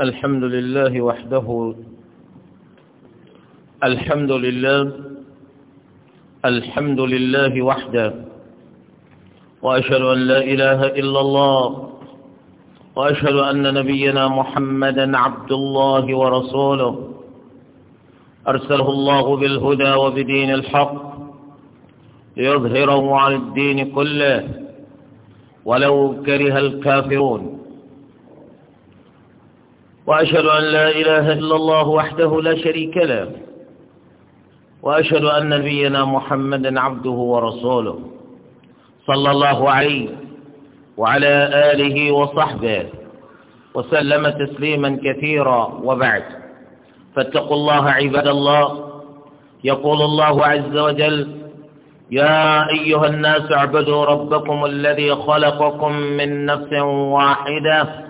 الحمد لله وحده الحمد لله الحمد لله وحده وأشهد أن لا إله إلا الله وأشهد أن نبينا محمدا عبد الله ورسوله أرسله الله بالهدى وبدين الحق ليظهره على الدين كله ولو كره الكافرون وأشهد أن لا إله إلا الله وحده لا شريك له وأشهد أن نبينا محمدا عبده ورسوله صلى الله عليه وعلى آله وصحبه وسلم تسليما كثيرا وبعد فاتقوا الله عباد الله يقول الله عز وجل يا أيها الناس اعبدوا ربكم الذي خلقكم من نفس واحده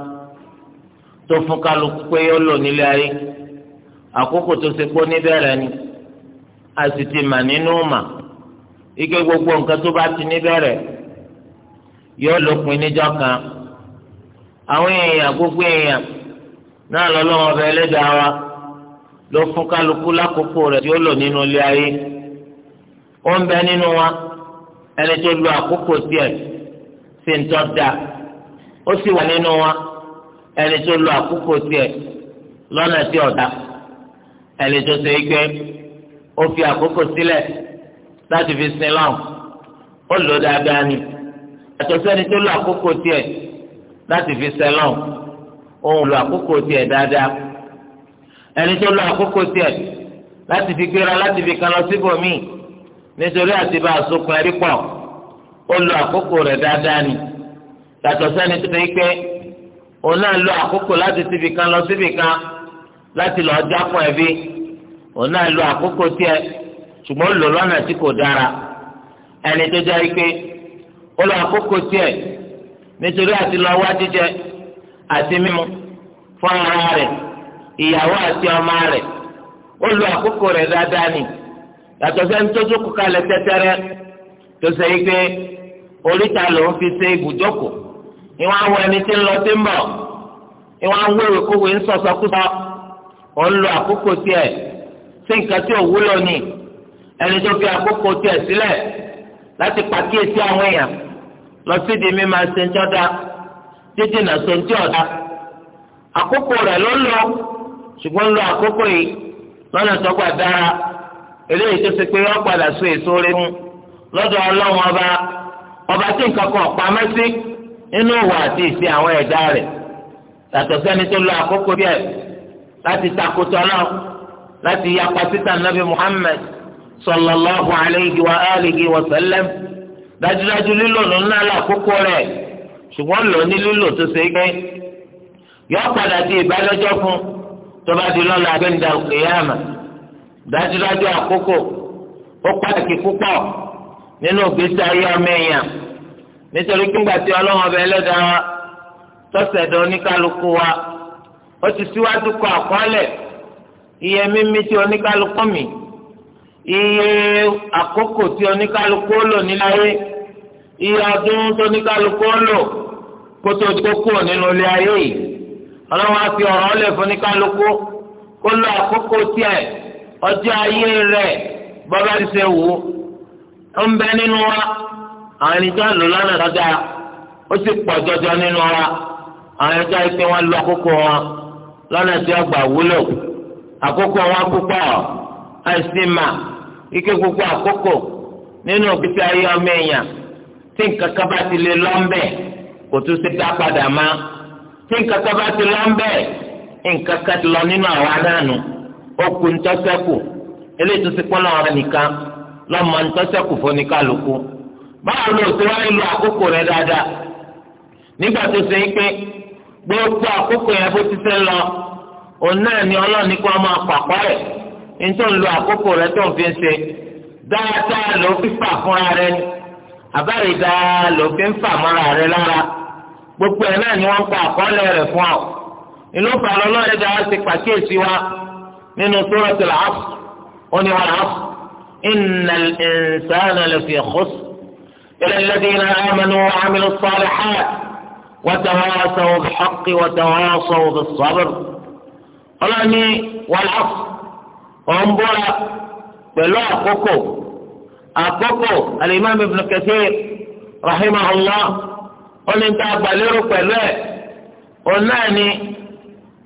tó fún kálukú pé ó lò nílé ayé àkókò tó ṣe pé níbẹ̀rẹ̀ ni a sì ti mà nínú mà ike gbogbo nǹkan tó bá ti níbẹ̀rẹ̀ yóò lópin níjọ́ kan àwọn èèyàn gbogbo èèyàn náà lọ́lọ́wọ́ ọba ẹlẹ́dàá wa ló fún kálukú lákòókò rẹ̀ tí ó lò nínú ilé ayé ó ń bẹ nínú wa ẹni tó lo àkókò tiẹ̀ sí ń tọ́ da ó sì wà nínú wa ẹni tó lo àkókò tiẹ̀ lọ́nà tí ọ̀dà ẹni tó ṣe é gbé ó fi àkókò sílẹ̀ láti fi sin lọ́hùn ó lò dáadáa ni àtọ̀ sẹ́ni tó lo àkókò tiẹ̀ láti fi sin lọ́hùn òun lo àkókò tiẹ̀ dáadáa ẹni tó lo àkókò tiẹ̀ láti fi gbéra láti fi kan lọ síbòmíì nítorí àti bá a sokun ó lo àkókò rẹ̀ dáadáa ni yàtọ̀ sẹ́ni tó ṣe é òun náà lo àkókò láti síbi kan lọ síbi kan láti lọ já fún ẹbí òun náà lo àkókò tiẹ̀ ṣùgbọ́n ó lò lọ́nà tí kò dára ẹni tó jẹ́ ike ó lo àkókò tiẹ̀ nítorí àti lọ wá jíjẹ àti mímu fún ara rẹ̀ ìyàwó àti ọmọ rẹ̀ ó lo àkókò rẹ̀ dáadáa ni yàtọ̀ sẹ́ni tó jókòó kalẹ̀ tẹ́tẹ́rẹ́ tó ṣe ike oríta lòún fi ṣe ibùjókòó. ìwọ awọ ẹni tí ń lọ sí ń bọ̀ ìwọ awọ ìwékòwé ń ọ ò ń lo àkókò tiẹ̀ sí nǹkan tí ò wúlò ni ẹni tó fi àkókò tiẹ̀ sílẹ̀ láti pàkíyèsí àwọn èèyàn lọ sí di mímọ títí nà lọ ṣùgbọ́n lo àkókò yìí lọ́nà tó dára eléyìí tó pé wọ́n padà so èso rẹ̀ mú lọ́dọ̀ ọlọ́run ọba ọba nínú ìwà àti ìṣe àwọn ẹ̀dá rẹ̀ yàtọ̀ sẹ́ni tó lọ àkókò díẹ̀ láti takotọ náà láti yapa síta nàbì Muhammad sallallahu alayhi wa alihi wa dájúdájú lílò ló ná rẹ̀ ṣùgbọ́n lò ní lílò tó ṣe gbé yọ padà di ìbálẹ́jọ́ fún tó bá di lọ́la òkèèyàmà dájúdájú àkókò ó pàtàkì púpọ̀ nínú ìgbésí ayé ọmọ èèyàn. nítorí kígbà tí ọlọ́wọ́n ọbẹ̀ ẹlẹ́dàá wa tọ́sẹ̀dọ̀ oníkálukú wa ó ti síwájú kọ àkọọ́lẹ̀ iye mímí tí oníkálukú mì iye àkókò tí oníkálukú lò níláyé iye ọdún tó oníkálukú lò kótó tó kúrò nínú ilé ayé yìí ọlọ́wọ́n á fi ọ̀rọ̀ ọ̀lẹ̀ fún oníkálukú kó lọ àkókò tiẹ̀ ọjọ́ ayé rẹ̀ bọ́lá ti ṣe wò ó ń bẹ nínú wa. àwọn ẹni tó ń lò lọ́nà lọ́dà ó sì pọ̀ jọjọ nínú wa àwọn ẹni tó ń pè wọ́n lọ àkókò wọn lọ́nà tí ọgbà wúlò àkókò wọn púpọ̀ ike gbogbo àkókò nínú òkìtì ayé ọmọ èèyàn tí nǹkan kan bá ti lè kò tún ṣe dá padà má tí nǹkan kan bá ti nǹkan kan ti lọ nínú àwa ntọ́sẹ́kù eléyìí tó báwo ló ti wá nílò àkókò rẹ dáadáa nígbà tó ṣe é pé gbogbo àkókò yẹn bó ti ṣe lọ òun náà ni ọlọ́ọ̀ni kó máa pàpọ̀ rẹ̀ nítorí ń lo àkókò rẹ tó ń fi ṣe dáadáa ló fi fà fúnra rẹ ni àbárí ló fi ń fà mọ́ra rẹ lára gbogbo ẹ̀ náà ni wọ́n pa àkọọ́lẹ̀ rẹ̀ fún ọ. inú balọ̀ lọ́rẹ́ dáa ti pàkíyèsí wa nínú suratul Asr ó ní wal Asr innal insana lafi khusr. إلى الذين آمنوا وعملوا الصالحات وتواصوا بالحق وتواصوا بالصبر قلني والعصر وانظر بلو أقوكو أقوكو الإمام ابن كثير رحمه الله قل انت أبالير فلو قلني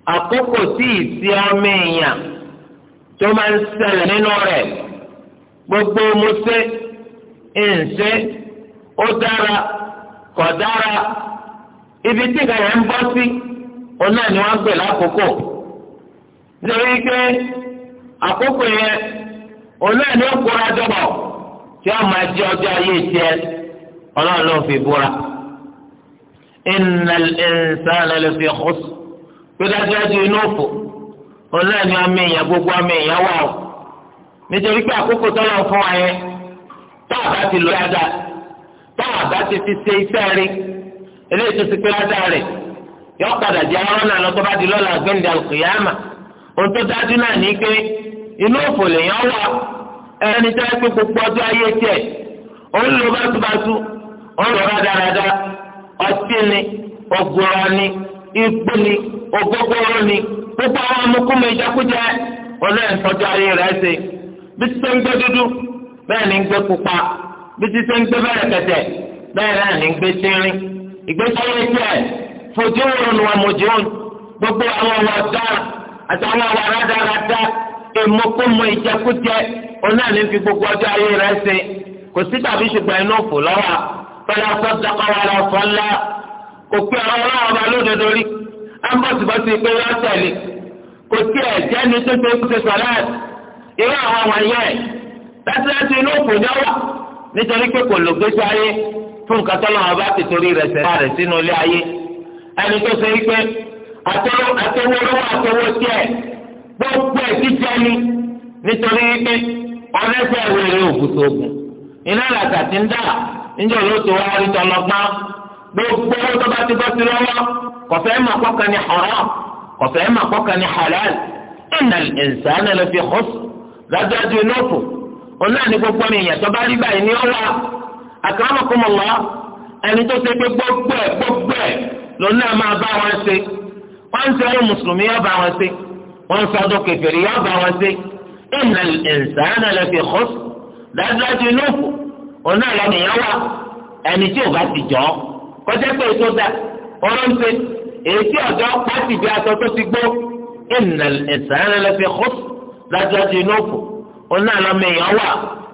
أقوكو سي سيامينيا ثم انسل نوري ببو مسي انسي ó dára kò dára ibi tí ìgbà yẹn ń bọ́ sí òun náà ni wọ́n ń lákòókò nítorí pé àkókò yẹn òun náà ni ó kóra jọbọ tí wọ́n máa jẹ ọjọ́ ayé tiẹ̀ ọlọ́run ló fi búra. pé dájúdájú inú òfò òun náà ni gbogbo ọmọ èèyàn wà ó nítorí pé a táwọn àbá ti fi ṣe iṣẹ́ rí eléyìí tó ti pé ládàá rẹ̀ yọ padà jẹ́ ọ̀rọ̀ náà lọ́tọ́ bá di lọ́la gbẹ̀ndẹ̀ àlùkìyàmà ohun tó dájú náà ní pé inú òfò lèèyàn wà ẹni tó yẹ gbogbo ọjọ́ ayé tiẹ̀ òun lò bátúbátú òun lò rádaràda ọtí ni ògùrọ̀ ni ni ògógóró ni gbogbo àwọn amúkúmọ̀ ìjákújẹ ọlọ́yìn tọ́jú ayé rẹ̀ ṣe bí ti ṣe ń gbé bẹ́rẹ̀ kẹ̀tẹ̀ bẹ́ẹ̀ náà ní gbé tínrín ìgbésọ́yé tiẹ̀ fojú òun wà mojú òun gbogbo àwọn ọ̀wà dára àtàwọn ọ̀wà rádaràda èmokòmò ìjẹkújẹ òun náà ní fi gbogbo ọjọ́ ayé rẹ̀ ṣe kò sí tàbí ṣùgbọ́n inú òfò lọ́wọ́ fẹ́lẹ́ sọ́dọ̀kọ́wà lọ fọ́ ńlá kò pé ọ̀rọ̀ ọlọ́wọ́ bá lódodo rí ambọ̀sibọ́sì pé yọ tẹ̀lé kò sí ẹ̀ jẹ́ni tó ṣe é ṣe sọ̀rọ̀ ẹ̀ irú àwọn wọ̀nyẹn láti láti inú òfò lọ́wọ́ nítorí pé kò lògbèsè ayé fún nǹkan tó lọ́wọ́ bá ti torí rẹ̀ sẹ́yìn rẹ̀ sínú ilé ayé ẹni tó ṣe wípé àtẹwọ́ lọ́wọ́ àtẹwọ́ tiẹ̀ gbogbo ẹ̀ jíjẹ ni nítorí wípé ọlẹ́sẹ̀ wẹ̀rẹ̀ òkùtù ogun iná làtà ti ń dà níjọ́ ló tó wá rí tọlọgbọ́n gbogbo owó tó bá ti bọ́ sí lọ́wọ́ kọ̀fẹ́ mà kọ́kan ni haram kọ̀fẹ́ mà kọ́kan ni halal innal insana lafi òun náà ní gbogbo mi ìyàtọ̀ bá rí báyìí ní ọ̀la akramakumullah ẹni tó ṣe pé gbogbo ẹ̀ gbogbo ẹ̀ lòun náà máa bá wọn ṣe wọ́n ń sọ ọdún mùsùlùmí yóò bá wọn ṣe wọ́n ń sọ ọdún kèfèrí yóò bá wọn ṣe innal insana lafi khusr dájúdájú inú òfò òun náà ẹni tí ò bá ti jọ́ kọjá pé èso da ọ̀rọ̀ ń ṣe èsì ọ̀dọ́ pàtì aṣọ tó ti gbó innal insana lafi khusr dájúdájú inú òfò ọ̀nà àlọ́mọ èèyàn wà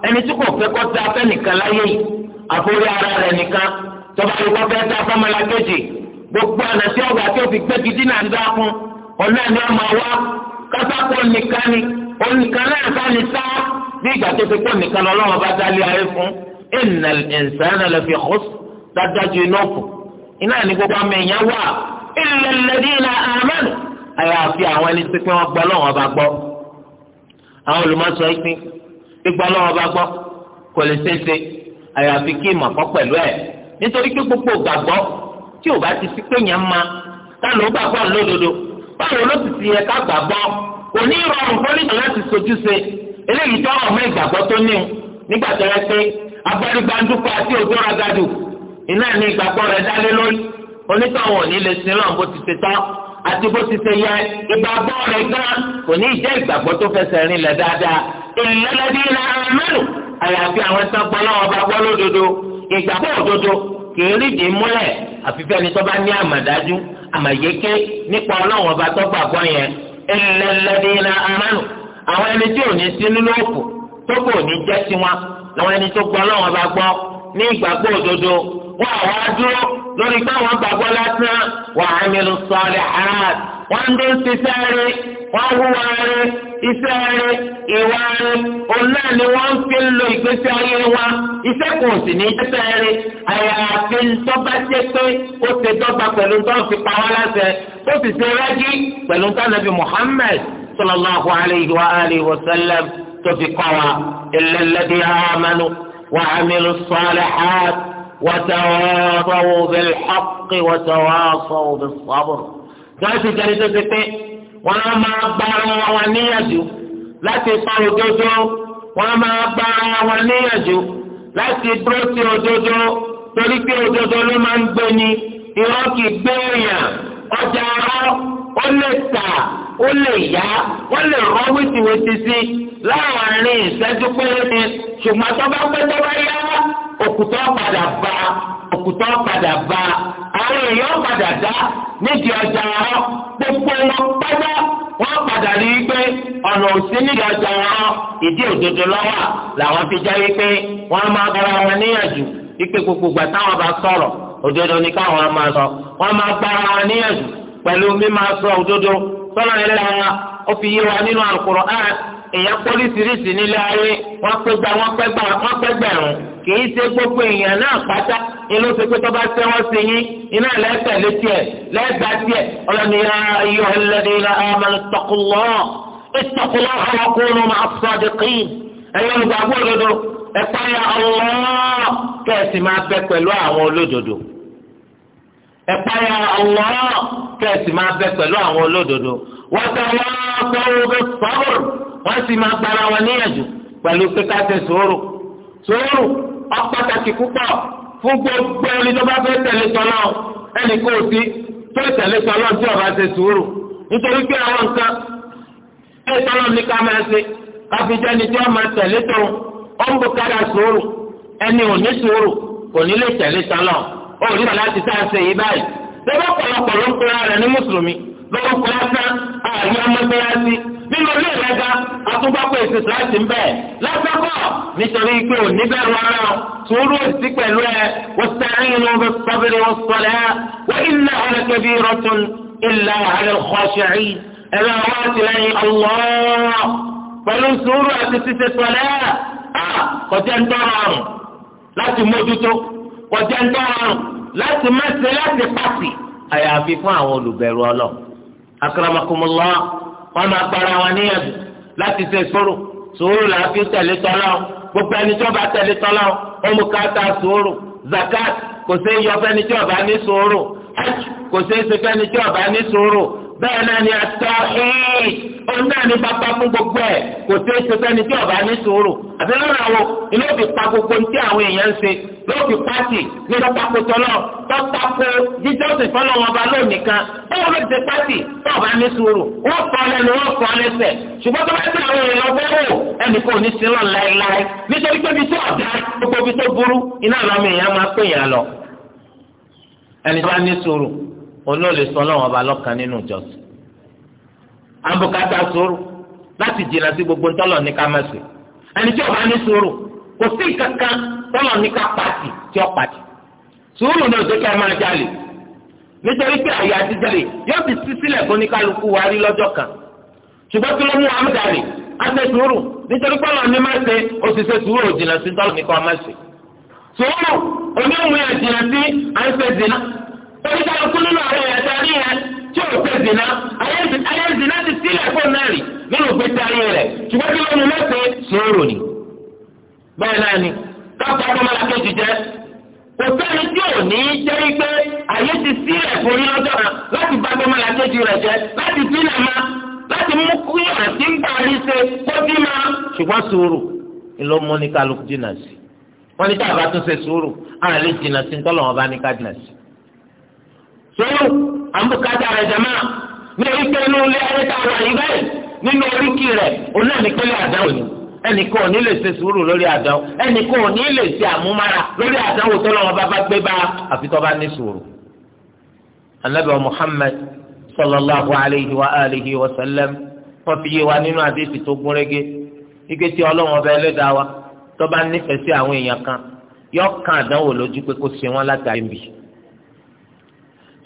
ẹni tí kò fẹ́ kọ́ da fẹ́nìkan láyé yìí àforí ara rẹ̀ nìkan tọ́ba yìí kọ́ fẹ́ da fọ́mọlá kejì gbogbo àná tí ọgbà tí ó fi gbé gidi náà ń dá fún ọ̀nà ni wọ́n máa wá kásákò nìkan ni onìkan náà bá ní sá bí ìgbà tó fi pọ̀ nìkan lọ́wọ́ bá dálé ayé fún ìnà ìnsánà lè fi hó dájú iná kù iná ní gbogbo àmì èèyàn wà ìlẹ̀lẹ̀dí àwọn olùmọ̀sọ ìpín gbígbọ́ lọ́wọ́ bá gbọ́ kò lè ṣeéṣe àyàfi kí ìmọ̀ pẹ̀lú ẹ̀ nítorí pé gbogbo gbàgbọ́ tí ò bá ti sí pé yẹn máa táwọn gbàgbọ́ lódodo báwo ló na ti yẹ ká gbàgbọ́ òní ìrọ̀rùn fọ́nìtàn láti sojú ṣe eléyìí tó ìgbàgbọ́ tó ní o nígbà tó yẹ pé àti ìgbàgbọ́ dálé lórí àti bó ti ṣe yẹ ìgbàgbọ́ rẹ̀ gan kò ní jẹ́ ìgbàgbọ́ tó fẹsẹ̀ rìn lẹ̀ dáadáa ìlẹ́lẹ́dí náà mẹ́lò àyàfi àwọn tán gbọ́ náà ọba gbọ́ lódodo ìgbàgbọ́ òdodo kì í rídìí múlẹ̀ àfifẹ́ni tó bá ní àmàdájú àmàyéké nípa ọlọ́run ọba tó gbàgbọ́ yẹn ìlẹ́lẹ́dí náà mẹ́lò àwọn ẹni tí ò ní sí nínú òkú tó kò ní jẹ́ tiwọn làwọn ẹni tó gbọ́ lórí pé àwọn gbàgbọ́ lásán wà á mìíràn sọ̀rọ̀ àràd wọ́n ń dé ṣiṣẹ́ rí wọ́n hùwà rí iṣẹ́ rí ìwà rí òun náà ni wọ́n ń fi lo ìgbésí ayé wa iṣẹ́ kò sì ní iṣẹ́ rí àyàfi ńdọ́gba jẹ́ pé ó ṣe dọ́gba pẹ̀lú tó ń fi pa wá láṣẹ ó sì ṣe rẹ́gí pẹ̀lú tó nàbí Muhammad sallallahu alayhi wa alihi wa sallam tó fi kọ́ wa illal ladhina amanu wa amilu salihat. وتواصوا بالحق وتواصوا بالصبر láti jẹni tó ti pé wọn á máa gba ara wọn níyànjú láti pa òdodo wọn á máa gba ara wọn níyànjú láti dúró sí òdodo torí pé òdodo ló máa ń gbéni ìwọ́n kì í gbé èèyàn ọjà ara ó lè tà ó lè yá wọ́n lè rọ́ wítìwítì sí i. láàárín ìṣẹ́jú péréte ṣùgbọ́n tó bá pẹ́ tó bá yá òkùtọ́ padà bá òkùtọ́ padà bá àwọn èèyàn padà dá nídìí ọjà wọn gbogbo pátá wọn padà rí i pé ọ̀nà òsín nídìí ọjà wọn ìdí òdodo lọ́wọ́ làwọn fi já wípé wọn máa bára wọn níyànjú wípé gbogbo táwọn bá sọ̀rọ̀ òdodo wọn máa bára wọn níyànjú wa nínú èèyàn pólísìírísì nílé ayé wọ́n pẹ́ gbà wọ́n pẹ́ gbà wọ́n pẹ́ gbẹ̀rún kì í ṣe gbogbo èèyàn náà pátá inú ṣe pé tọ́ba ṣe wọ́n ṣe yín iná lẹ́sẹ̀ létí ẹ̀ lẹ́gbà tiẹ̀ ọlọ́ni ayọ̀ ẹlẹ́dẹ̀ ilẹ̀ amẹ́lẹ́ tọkùlọ́ ìtọkùlọ́ ọlọ́kùnrin máa sọ àdìkì ẹ̀yọ́ olùgbàgbọ́ òdodo ẹ̀pá ya ọlọ́ kẹ́ẹ̀sì máa bẹ pẹ̀lú àwọn olódodo ẹ̀páyà Allah kẹ́ẹ̀sì máa bẹ pẹ̀lú àwọn olódodo wọ́n ti wá sọ́wọ́ bẹ sọ́wọ́ wọ́n sì máa gbára wọn níyànjú pẹ̀lú kíkà tẹ sòwòrò sòwòrò ọ̀pọ̀tàkì púpọ̀ fún gbogbo ẹni tó bá fẹ́ tẹ̀lé tọ́lá ẹnì kò sí fẹ́ tẹ̀lé tọ́lá tí ọba ṣe sòwòrò nítorí pé àwọn nǹkan ẹ̀ tọ́lá ní ká máa ṣe káfíńtẹ́ni tí wọ́n máa tẹ̀lé tó òòlù sọlá ti tá a ṣe yìí báyìí lọ́wọ́ pọ̀lọpọ̀ ló ń pera rẹ̀ ní mùsùlùmí lọ́wọ́ pọ̀ lásán ààyè ọmọdéyàsí nínú ilé ìlẹ́gà àtúgbàpọ̀ èsì láti ń bẹ̀ lásàkọ̀ nítorí pé ò ní bẹ̀rù ara sùúrù sí pẹ̀lú ẹ wasta'inu bis-sabri was-salah wa innaha lakabiratun illa 'ala al-khashi'in ẹ̀rọ àwọn àtìlẹ́yìn Allah pẹ̀lú sùúrù àti títẹ̀ sọ̀lẹ́ kọjá ń tọrọ àrùn láti mójútó kọjá ń tọrọrùn láti má ṣe láti pàṣẹ àyàfi fún àwọn olùbẹ̀rù ọlọ akaramakumọlọ wọn máa gbára wọn níyànjú láti ṣe sùúrù sùúrù là á fi tẹ̀lé tọ́lá o gbogbo ẹni tí wọn bá tẹ̀lé tọ́lá o ó mú káàtà sùúrù zakat kò sí yọ fẹ́ni tí wọn bá ní sùúrù hajj kò sí ṣe fẹ́ni tí wọn bá ní sùúrù bẹ́ẹ̀ náà ni ẹ̀tọ́ ìyí òun náà ní pápá fún gbogbo ẹ̀ kò sí èso sẹ́ni tí ọ̀bá ní sòrò àti lọ́nà wo ilé òbí pa gbogbo ní tí àwọn èèyàn ń ṣe ló fi pàṣẹ ní tọ́tàkó tọ́lọ̀ tọ́tàkó jíjọ́sìn fọ́lọ́ wọn ba lónìí kan báwo ló ti pàṣẹ tí ọ̀bá ní sòrò wọ́n fọ́ lẹ́nu wọ́n fọ́ lẹ́sẹ̀ ṣùgbọ́n tó bá ti àwọn èèyàn bọ́ wò ẹnì olóòlè sọ lọ́wọ́ ọba lọ́kàn nínú ìjọsìn àbùkátà sùúrù láti jìnnà sí gbogbo ntọ́lọ̀ ní ká mẹ́sì ẹni tí ọba ní sùúrù kò sí kankan tọ́lọ̀ ní ká pàtì tí ó pàtì sùúrù ní òṣèké ẹ máa jalè nítorí pé àyè àtijalè yóò ti sí sílẹ̀ fún oníkálukú wa rí lọ́jọ́ kan ṣùgbọ́n kí ló mú amúdàlè àṣẹ sùúrù nítorí pọ́lọ̀ ní máa ṣe òṣìṣẹ́ sùúrù jìnnà sí tọ́lọ̀ ní ká mẹ́sì sùúrù oníhùn oníkàlùkù nínú àwọn èèyàn tàbí yẹn tí ò ṣe zina ayé zina ti sílẹ̀ fún náà rí nínú gbèsè ayé rẹ̀ ṣùgbọ́n kí ló ń lọ́sẹ̀ sòrò ni. bẹ́ẹ̀ náà ni káfíńtà ọmọlá kejì jẹ́ kò sẹ́ni tí ò ní jẹ́ wípé ayé ti sílẹ̀ fún yín lọ́jọ́ kan láti bá ọmọlá kejì rẹ̀ jẹ́ láti sílẹ̀ máa láti mú kí àti ń parí ṣe kó dín máa ṣùgbọ́n sòrò ńlọ mọ́ ní kálukú sí wọ́n soro àmúkàtà rẹ̀ jama ní oríkẹ́ inú ilé ayé tá a wà yí báyìí nínú oríkì rẹ̀ àdáwò ni ẹnìkan ò ní lè ṣe sùúrù lórí àdáwò ẹnìkan ò ní lè ṣe àmúmára lórí àdáwò tó lọ́wọ́ bá bá gbé bá àfi tó bá Muhammad sallallahu alayhi wa alihi wa sallam wọ́n fi yé wa nínú àdéhìí tó gún régé tí wa tó bá nífẹ̀ẹ́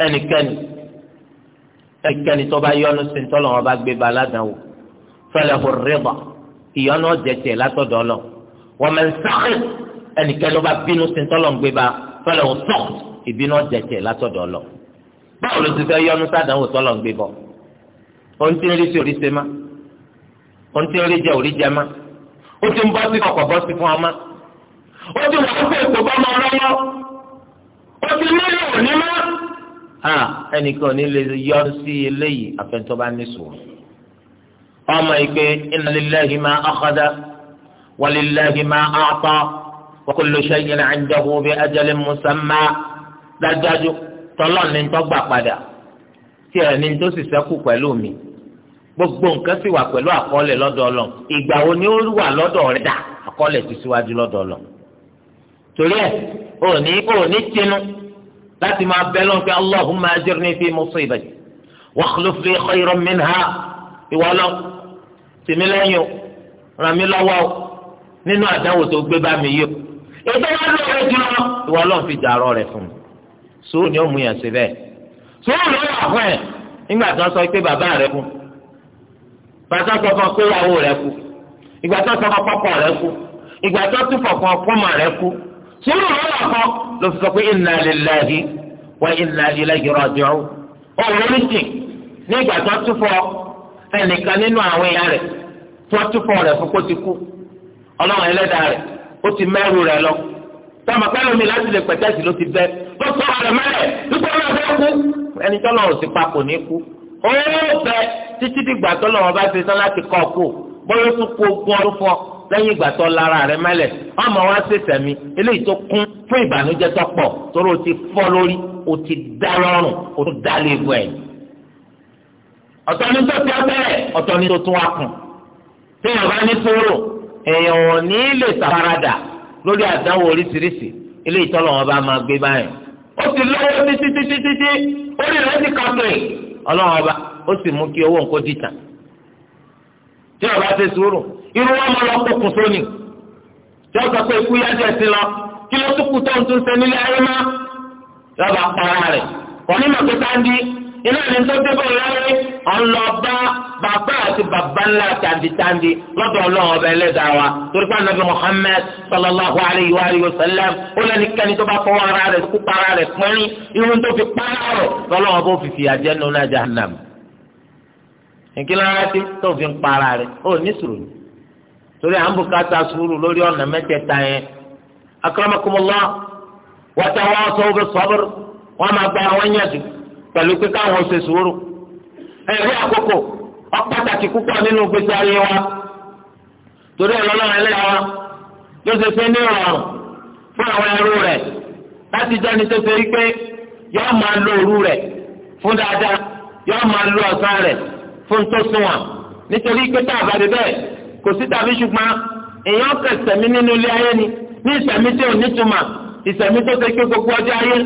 ẹnikẹ́ni ẹnikẹ́ni tó bá yọ́nú sí ní tọ́lọ́ wọn bá gbé ba aládàáwò falahu rida ìyọ́nú ọ̀jẹ̀ tiẹ̀ látọ̀dọ̀ lọ wa man sakhit ẹnikẹ́ni tó bá bínú sí ní tọ́lọ́ gbé ba falahu sukhth ìbínú ọ̀jẹ̀ tiẹ̀ látọ̀dọ̀ lọ. báwo ló ti fẹ́ yọ́nú sádàáwò tọ́lọ́ gbé bọ̀ ohun tí ń rí sí oríṣi má ohun tí ń rí jẹ oríjẹ má ó ti ń bọ́ sí kọ̀kọ̀ bọ́ sí fún ọmọ ó ti wà ó fẹ́ ìpò bọ́ ọmọ ọlọ́wọ́ ó ti nílò òní má ẹnìkan ní lè yọ sí eléyìí àfẹnitọ́ bá ní sùúrù ọmọ ìpè inna lillahi ma akhadha wa lillahi ma a'ta wa kullu shay'in 'indahu bi ajalin musamma dájúdájú tọ́lọ́ ní tó gbà padà tí ẹ̀ ní tó sì sẹ́kù pẹ̀lú mi gbogbo nǹkan sì wà pẹ̀lú àkọọ́lẹ̀ lọ́dọ̀ Ọlọ́run ìgbà wo ni ó wà lọ́dọ̀ rẹ̀ dà àkọọ́lẹ̀ ti síwájú lọ́dọ̀ Ọlọ́run torí ẹ̀ òní òní tinú láti máa bẹ lọ́n pé allahumma ajirni fi musibati wakhluf li khayran minha ìwọ lọ tèmi lẹ́yìn o ràn mí lọ́wọ́ o nínú àdánwò tó gbé bá mi yìí o ètò wọn lọ rẹ jùlọ ìwọ lọ fi dàrọ rẹ fún mi sùúrù ni ó mú yàn sí bẹ́ẹ̀ sùúrù ló wà fún ẹ nígbà tó sọ pé bàbá rẹ kú ìgbà sọ fún pé ìyàwó rẹ kú ìgbà tó sọ fún pọpọ sùúrù lọ́la kọ́ ló fi sọ pé inna lillahi wa inna ilayhi raji'un òun oríṣi ní ìgbà tó túfọ̀ ẹnìkan nínú àwọn èèyàn rẹ̀ tó túfọ̀ rẹ̀ fún kó ti kú ọlọ́run ẹlẹ́dàá rẹ̀ ó ti mẹ́rù rẹ̀ lọ tọ́mọ pẹ́lú mi láti lè pẹ̀tẹ́sì ló ti bẹ́ ló sọ ọ̀rẹ́ mẹ́rẹ̀ nípa ọ̀rẹ́ ọ̀rẹ́ kú ẹni títí dìgbà tọ́lọ̀ wọn bá ti tán láti kọ́ kú bóyá ó tún kú ogún ọdún fún ọ lẹ́yìn ìgbà tó lára mẹ́lẹ̀ ọmọ wa ṣe sẹ̀mí eléyìí tó kún fún ìbànújẹ́ tó pọ̀ o ti fọ́ lórí o ti dá lọ́rùn o tún dá léegun ẹ̀. ọ̀tọ̀ ni tó ti abẹ́rẹ́ ni tó tún wá kùn. tí bá ní sóró èèyàn ò ní lè lórí àdánwò oríṣiríṣi eléyìí bá máa gbé báyìí. ó ti lọ́wọ́ orí rẹ̀ ti ó sì mú kí owó dìtà. ọba ti irú wọn mọ lọ kókùn sóni tí wọn sọ pé ikú yá jẹ sí lọ kí ló tún kú tó ń tún ṣe nílé ayé má yọba para rẹ kọ́ni mọ̀ pé sáńdí iná ní tó dé bọ̀ láyé bàbá àti bàbá ńlá tàǹdìtàǹdì lọ́dọ̀ ọlọ́run ọba ẹlẹ́dàá wa torí pé anabi muhammed sallallahu alayhi wa alayhi wa sallam ó lẹ́ni kẹ́ni tó bá fọwọ́ ara rẹ̀ kú para rẹ̀ pẹ́rín irun tó fi para rẹ̀ lọ́lọ́run ọba ó fi fìyà nínú náà jahannam. ìkíni ti tó fi ń para rẹ̀ ó ní sùúrù ni. torí à ń bukata sùúrù lórí ọ̀nà mẹ́tẹ̀ẹ̀ta yẹn akramakumullah wa tawasaw bis-sabr wọ́n máa gba àwọn yànjú pẹ̀lú pé káwọn ṣe sùúrù ẹ̀rí àkókò ọ̀pọ̀tàkì púpọ̀ nínú gbèsè ayé wa torí ọlọ́run ẹlẹ́yà wa ló ṣe ní ìrọ̀rùn fún àwọn ẹrú rẹ̀ láti tó ṣe wípé máa lo òru rẹ̀ fún dáadáa máa lo ọ̀sán rẹ̀ fún tó nítorí pé tá kò sí tàbí ṣùgbọ́n èèyàn kan sẹ̀mí nínú ilé ayé ni ní ìsẹ̀mí tí ò ní túmọ̀ ìsẹ̀mí tó ṣe pé gbogbo ọjọ́ ayé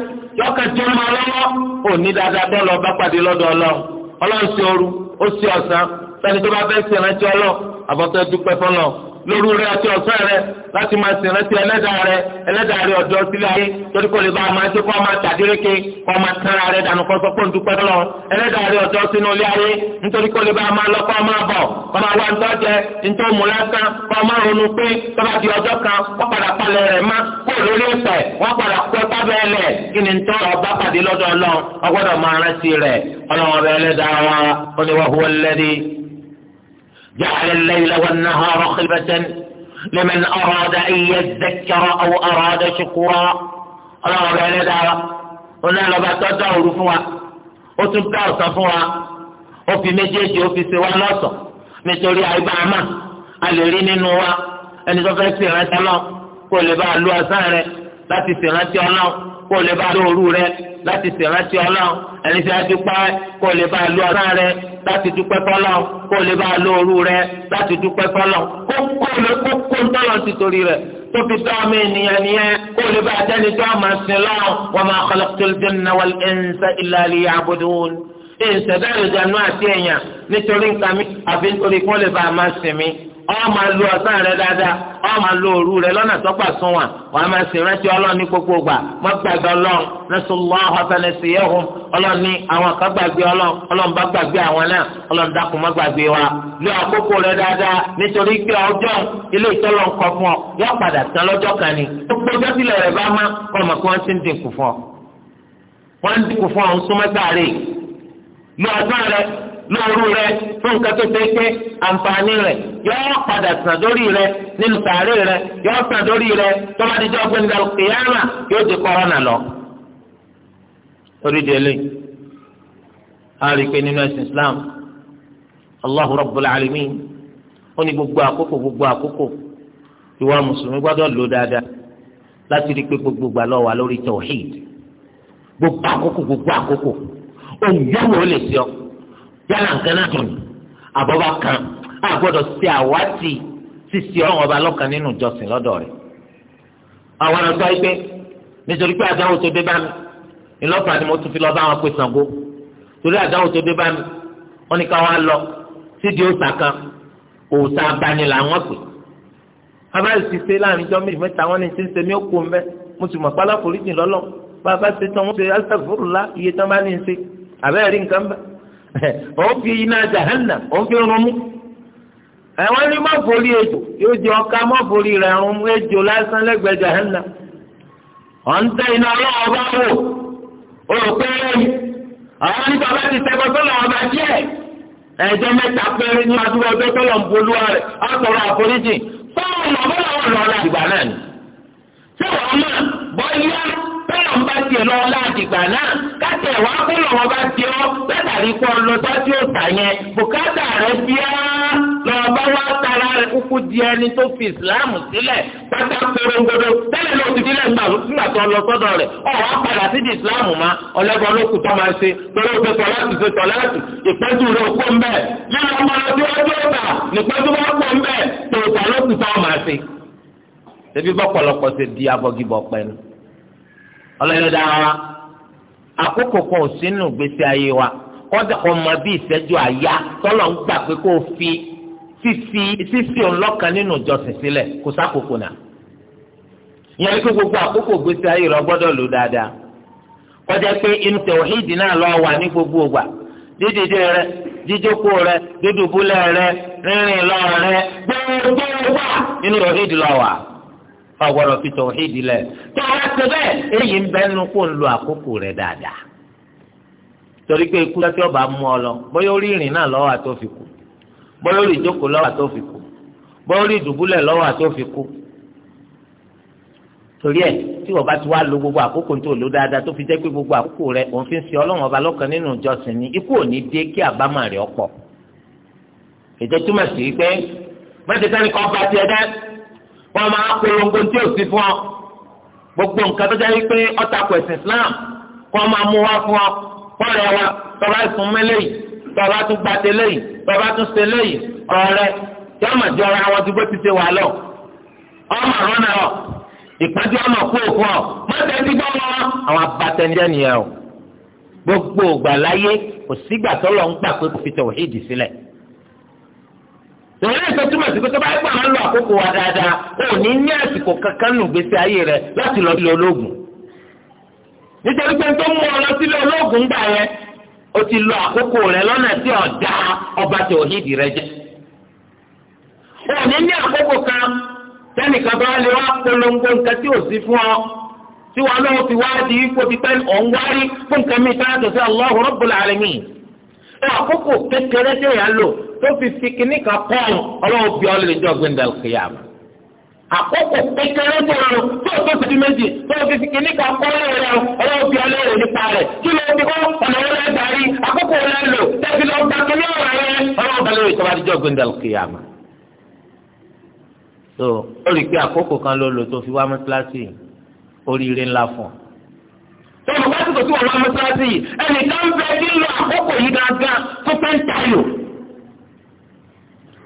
yọkàn tí ó máa lọ́wọ́ ò ní dáadáa tó lọ bá pàdé lọ́dọ̀ ọlọ́run ọlọ́run sí òru ó sí ọ̀sán sẹ́ni tó bá fẹ́ sí ẹ̀rántí ọlọ́run àbọ̀tẹ́ dúpẹ́ fọlọ́run lóru rẹ àti ọ̀sán rẹ láti máa sìn rántí ẹlẹ́dàá rẹ ẹlẹ́dàá rẹ ọ̀dọ́ sílẹ̀ ayé torí kò lè bá a máa ṣe kó a máa tàdéréke kó a máa tẹ́ra rẹ dànù kó sọ pé ń dúpẹ́ lọ ẹlẹ́dàá rẹ ọ̀dọ́ sínú ilé ayé nítorí kò lè bá a máa lọ kó a máa bọ̀ kó a máa wá ntọ́ jẹ ntọ́ mú lásán kó a máa ronú pé tọ́ba di ọjọ́ kan wọ́n padà palẹ̀ rẹ̀ má kó lórí ẹ̀fẹ̀ wọ́n padà kó tábẹ́ẹ̀lẹ̀ kí ni ntọ́ جعل الليل والنهار خلبة لمن أراد أن يذكر أو أراد شكورا ọlọ́run ọba ẹlẹ́dàá ọ̀nà lọ́ba tó dá òru fún wa ó tún dá ọ̀sán fún wa ó fi méjèèjì ó fi ṣe wá lọ́sàn nítorí àìbáàmà a lè rí nínú wa ẹni tó fẹ́ ṣèrántí ọlọ́run kó lè bá a lu ọ̀sán rẹ láti ṣèrántí ọlọ́run kó lè bá a lu òru rẹ láti ṣèrántí ọlọ́run ẹni tí a ti pa kó lè bá a lu ọ̀sán rẹ láti dúpẹ́ fọlọ́ kó o lè bá a lo òru rẹ láti dúpẹ́ fọlọ́ kó kó lè kó kó ńtọ́lọ́ ti torí rẹ tó fi tọ́ ọmọ ènìyàn nìyẹn kó o lè bá a jẹ́ni tó ọmọ sin lọ́wọ́ wa ma khalaqtul jinna wal insa illa liya'budun ìṣẹ̀dá ìjànú àti ẹ̀yàn nítorí nǹkan mi àfi nítorí kó lè bá a máa sin mi. ọ ma lo rẹ dáadáa ọ ma òru rẹ lọ na sún wa wàá máa sì rántí ọlọ ní gbogbo gbà ọlọ gbàgbé ọlọ́run nasallahu fanasiyahum ọlọ́run ní àwọn kan gbàgbé ọlọ́run bá gbàgbé àwọn náà dákun gbàgbé wa rẹ dáadáa nítorí pé ọjọ́ ilé ìtọ́lọ̀ ń kọ fún ọ yọ padà tán lọ́jọ́ kan lóoru rẹ fún nǹkan tó ṣe pé àǹfààní rẹ yóò padà sàn rẹ nínú sàárè rẹ yóò sàn rẹ tó bá dijọ́ gbé yóò di lọ. orí délé a rí i pé nínú Islam Allahu Rabbul alimi ó ní gbogbo àkókò gbogbo àkókò ìwà mùsùlùmí lò dáadáa láti rí i pé gbogbo gbà lọ wà lórí tawhid gbogbo àkókò gbogbo àkókò òun yálà nǹkan náà dùn àbọ̀bá kan àgbọ̀dọ̀ ṣe àwátì sísè ọ̀hún ọba lọ́kàn nínú ìjọsìn lọ́dọ̀ rẹ̀. àwọn ọ̀dọ́ ẹgbẹ́ nítorí pé àdáwò tó dé bá mi ìlọ́pàá ni mo tún fi lọ bá wọn pè Ṣàngó torí àdáwò tó dé bá mi wọ́n ní ká wá lọ sídìí òòṣà kan òòṣà abani làwọn pè. abáyé ti ṣe láàrin ìjọ méjì mẹ́ta wọ́n ní ti ń ṣe mí ó mbẹ́ mo sì mọ̀ pálá foríjì lọ́lọ́ bá ṣe tán wọ́n ṣe ó fi iná jahannam ó fi rún mú àwọn ní má forí ejò yóò jẹ ọka má forí rẹ rún mú ejò lásán lẹ́gbẹ̀ẹ́ jahannam wọn tẹ iná ọlọ́wọ́ bá wò ó rò pé ẹ̀yìn àwọn ọba bá ti tẹ́ bọ́tọ́ làwọn bá péré ní adúlọ tó lọ ń àforíjì ọmọ náà ni. ṣé wàá bọ́ bẹ́ẹ̀ ń bá tiẹ̀ lọ ládìgbà náà káṣẹ̀ wá kó lọ́wọ́ bá tiẹ̀ ọ́ látàrí kó lọ tọ́jú òòtà yẹn bùkátà rẹ̀ bíá lọ́wọ́ bá wá tara rẹ̀ kúkú di ẹni tó fi ìsìláàmù sílẹ̀ pátá korongodo tẹ́lẹ̀ ló ti dílé nígbà tó lọ sọ́dọ̀ rẹ̀ ọ̀ wá padà sí di ìsìláàmù ma ọ̀lẹ́gbọ́ ló kù tó máa ṣe torí o ṣe tọ̀ ṣe tọ̀ láti ìpẹ́jù rẹ̀ kó ń bẹ̀ lílọ ọmọ rẹ̀ tí wọ́n ọlọ́yọ̀dá wa àkókò kan ò sínú gbèsè ayé wa kọ́dà kan mọ ìṣẹ́jú àyá tọ́lọ̀ ń gbà pé kó o fi fífi ọlọ́kan nínú ìjọsìn sílẹ̀ kó sákòókò náà ìyẹn wípé gbogbo àkókò gbèsè ayé rẹ gbọ́dọ̀ lò dáadáa kọjá pé inú tẹ̀wọ̀hídì náà lọ wà ní gbogbo ògbà rẹ jíjókòó rẹ rẹ rírìn rẹ wà. ọgbọ́dọ̀ fi tọ̀hídì lẹ̀ tó o bá ti bẹ́ẹ̀ èyí ń bẹ́ nínú kó ń lo àkókò dáadáa torí pé ikú lọ́tí ọba mú ọ lọ bóyá orí ìrìn náà lọ́wọ́ àti òfin kù bóyá orí ìjókòó lọ́wọ́ àti òfin kù bóyá orí gbogbo àkókò tó dáadáa gbogbo àkókò rẹ òun fi ń ọba nínú ìjọsìn ni ikú ò ní dé kí wọ́n máa polongo tí ò fún ọ gbogbo nǹkan tó Islam kọ́ máa fún ọ wa tọ́ba mẹ́lẹ̀ yìí tọ́ba tún lẹ́yìn tọ́ba tún ṣe lẹ́yìn ọ̀rẹ́ máa wọn ju bó ti ṣe wà lọ ọmọ àrùn náà ìpàdé ọmọ kú òkú ọ mọ́tẹ́ ti gbọ́ wọn àwọn nìyẹn o gbogbo ògbà láyé kò sígbà tọ́lọ́ ń gbà lórí èso túmọ̀ sí pé tó bá yẹ pé àwọn ń lo àkókò wa dáadáa ò ní ní àsìkò kankan nù gbèsè ayé rẹ láti lọ sílé ológun nítorí pé tó mú ọ lọ sílé ológun gbà yẹn o ti lo àkókò rẹ lọ́nà tí ọ̀dà ọba tó hídìí rẹ jẹ ò ní ní àkókò kan tẹnìkan bá lè wá polongo nǹkan tí ò sí fún ọ tí wọn lọ́wọ́ fi wá di ipò ti ọ̀nwárí fún nǹkan mi sáyà tó sí Allahu Rabbul Alamin àkókò kékeré tẹ̀yà lò tó fi fi kíní kan pọ́ọ̀n ọlọ́wọ́ bí ọ́ lè jọ gbẹ̀ndà kìyàm. àkókò kékeré tó rọ tó tó ti di méjì tó fi fi kíní kan pọ́ọ̀n rẹ ọlọ́wọ́ bí ọ́ lè rè nípa rẹ̀ kí ló ti kọ́ ọ̀nà wọn lè darí àkókò wọn lè lò tẹ́sí lọ gba kíní ọ̀rọ̀ rẹ ọlọ́wọ́ bá lè rè tó bá di jọ gbẹ̀ndà kìyàm. so ó rí i pé àkókò kan ló lò tó fi wá mọ́tíláṣí oríire ńlá fún ọ tọ́lọ̀ bá ti kò tí wọ́n lọ mọ́sálásí yìí ẹnìkan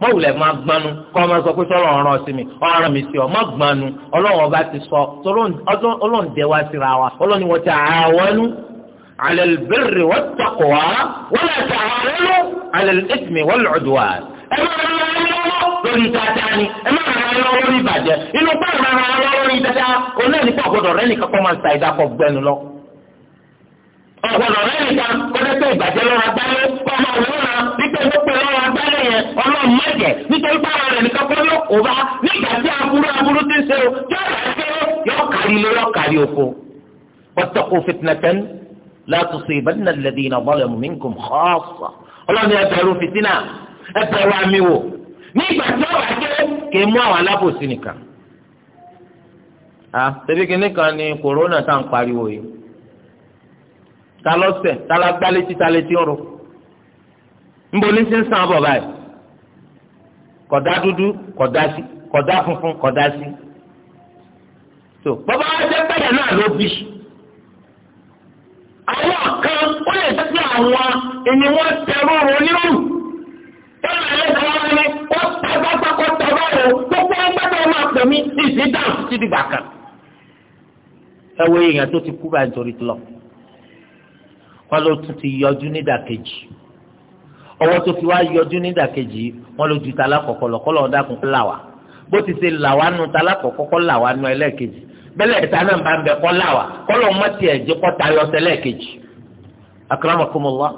mọ̀wùlẹ̀ máa gbanu kọ́ máa sọ pé sọ́lọ́ ọ̀ràn sí mi ọ̀ràn mi sí ọ má gbanu ọlọ́run ọba ti sọ ọlọ́run dẹ wá síra wa ọlọ́run wọ́n ti àwọnú alẹ́ bẹ̀rẹ̀ wọ́n takọ̀ wá wọ́n lè ta àwọnú alẹ́ ẹ̀tìmẹ̀ wọ́n lọ́ọ̀dù wá. ẹ má ra ara lọ́wọ́ lórí tata ni ẹ má ra ara lọ́wọ́ lórí ìbàjẹ́ inú bá ra ara lọ́wọ́ lórí tata onáàlì pọ̀ gbọ́dọ̀ rẹ́ nìkan kọ́ máa ń ta ìdákọ̀ gbẹnu lọ ọ̀gbọ̀dọ̀ rẹ́ nìkan kọ́ ọlọ́run má jẹ́ nítorí pé ara rẹ̀ nìkan kọ́ yóò kó bá nígbà tí aburú aburú ti ń ṣe o tí ọ̀rọ̀ ẹ̀ ṣe yóò kárí ilé yóò kárí òfo. wọ́tọ̀kù fitnatan la tusibanna alladhina zalamu minkum khassa ọlọ́run ẹ bẹ̀rù fìtínà ẹ bẹ̀rù àmì wò nígbà tí ọ̀rọ̀ ẹ̀ ṣe kì í mú àwọn alábòsí nìkan. a ah, ṣebí kìnnì kan ni kòrónà tá à ń pariwo yìí ta lọ́sẹ̀ ta la gbálẹ́ tí ta lè ti ń ro ń ní sí ń báyìí kọ̀dá dúdú kọ̀dá sí kọ̀dá funfun kọ̀dá sí. tó bàbá wa jẹ́ pẹ̀lẹ́ náà ló bí. àwọn kan ó lè jẹ́ pé àwọn ẹni wọ́n tẹ̀rù onírù. tẹ́lẹ̀ ẹ̀rọ ìjọba wọn ni wọ́n tẹ̀gbá pákó tẹ̀gbá o gbogbo ẹgbẹ́ta máa pè mí ìsìndà títí dìgbà kan. ẹ wo èèyàn tó ti kú báyìí torí tọ́lọ̀ wọn ló tún ti yọjú nídàkejì ọwọ́ tó fi wá yọjú nídàkejì wọn ló ju tala kọ̀kọ́ lọ kọ́lọ́ ọ̀dà kún là wá bó ti ṣe là wá nu tala kọ̀kọ́ kọ́ là wá nu ẹlẹ́ẹ̀kejì bẹ́lẹ̀ ìta náà bá ń bẹ kọ́ là wá kọ́lọ́ ọmọ tiẹ̀ jẹ́ kọ́ tayọ sẹ́lẹ̀kejì. akramakumullah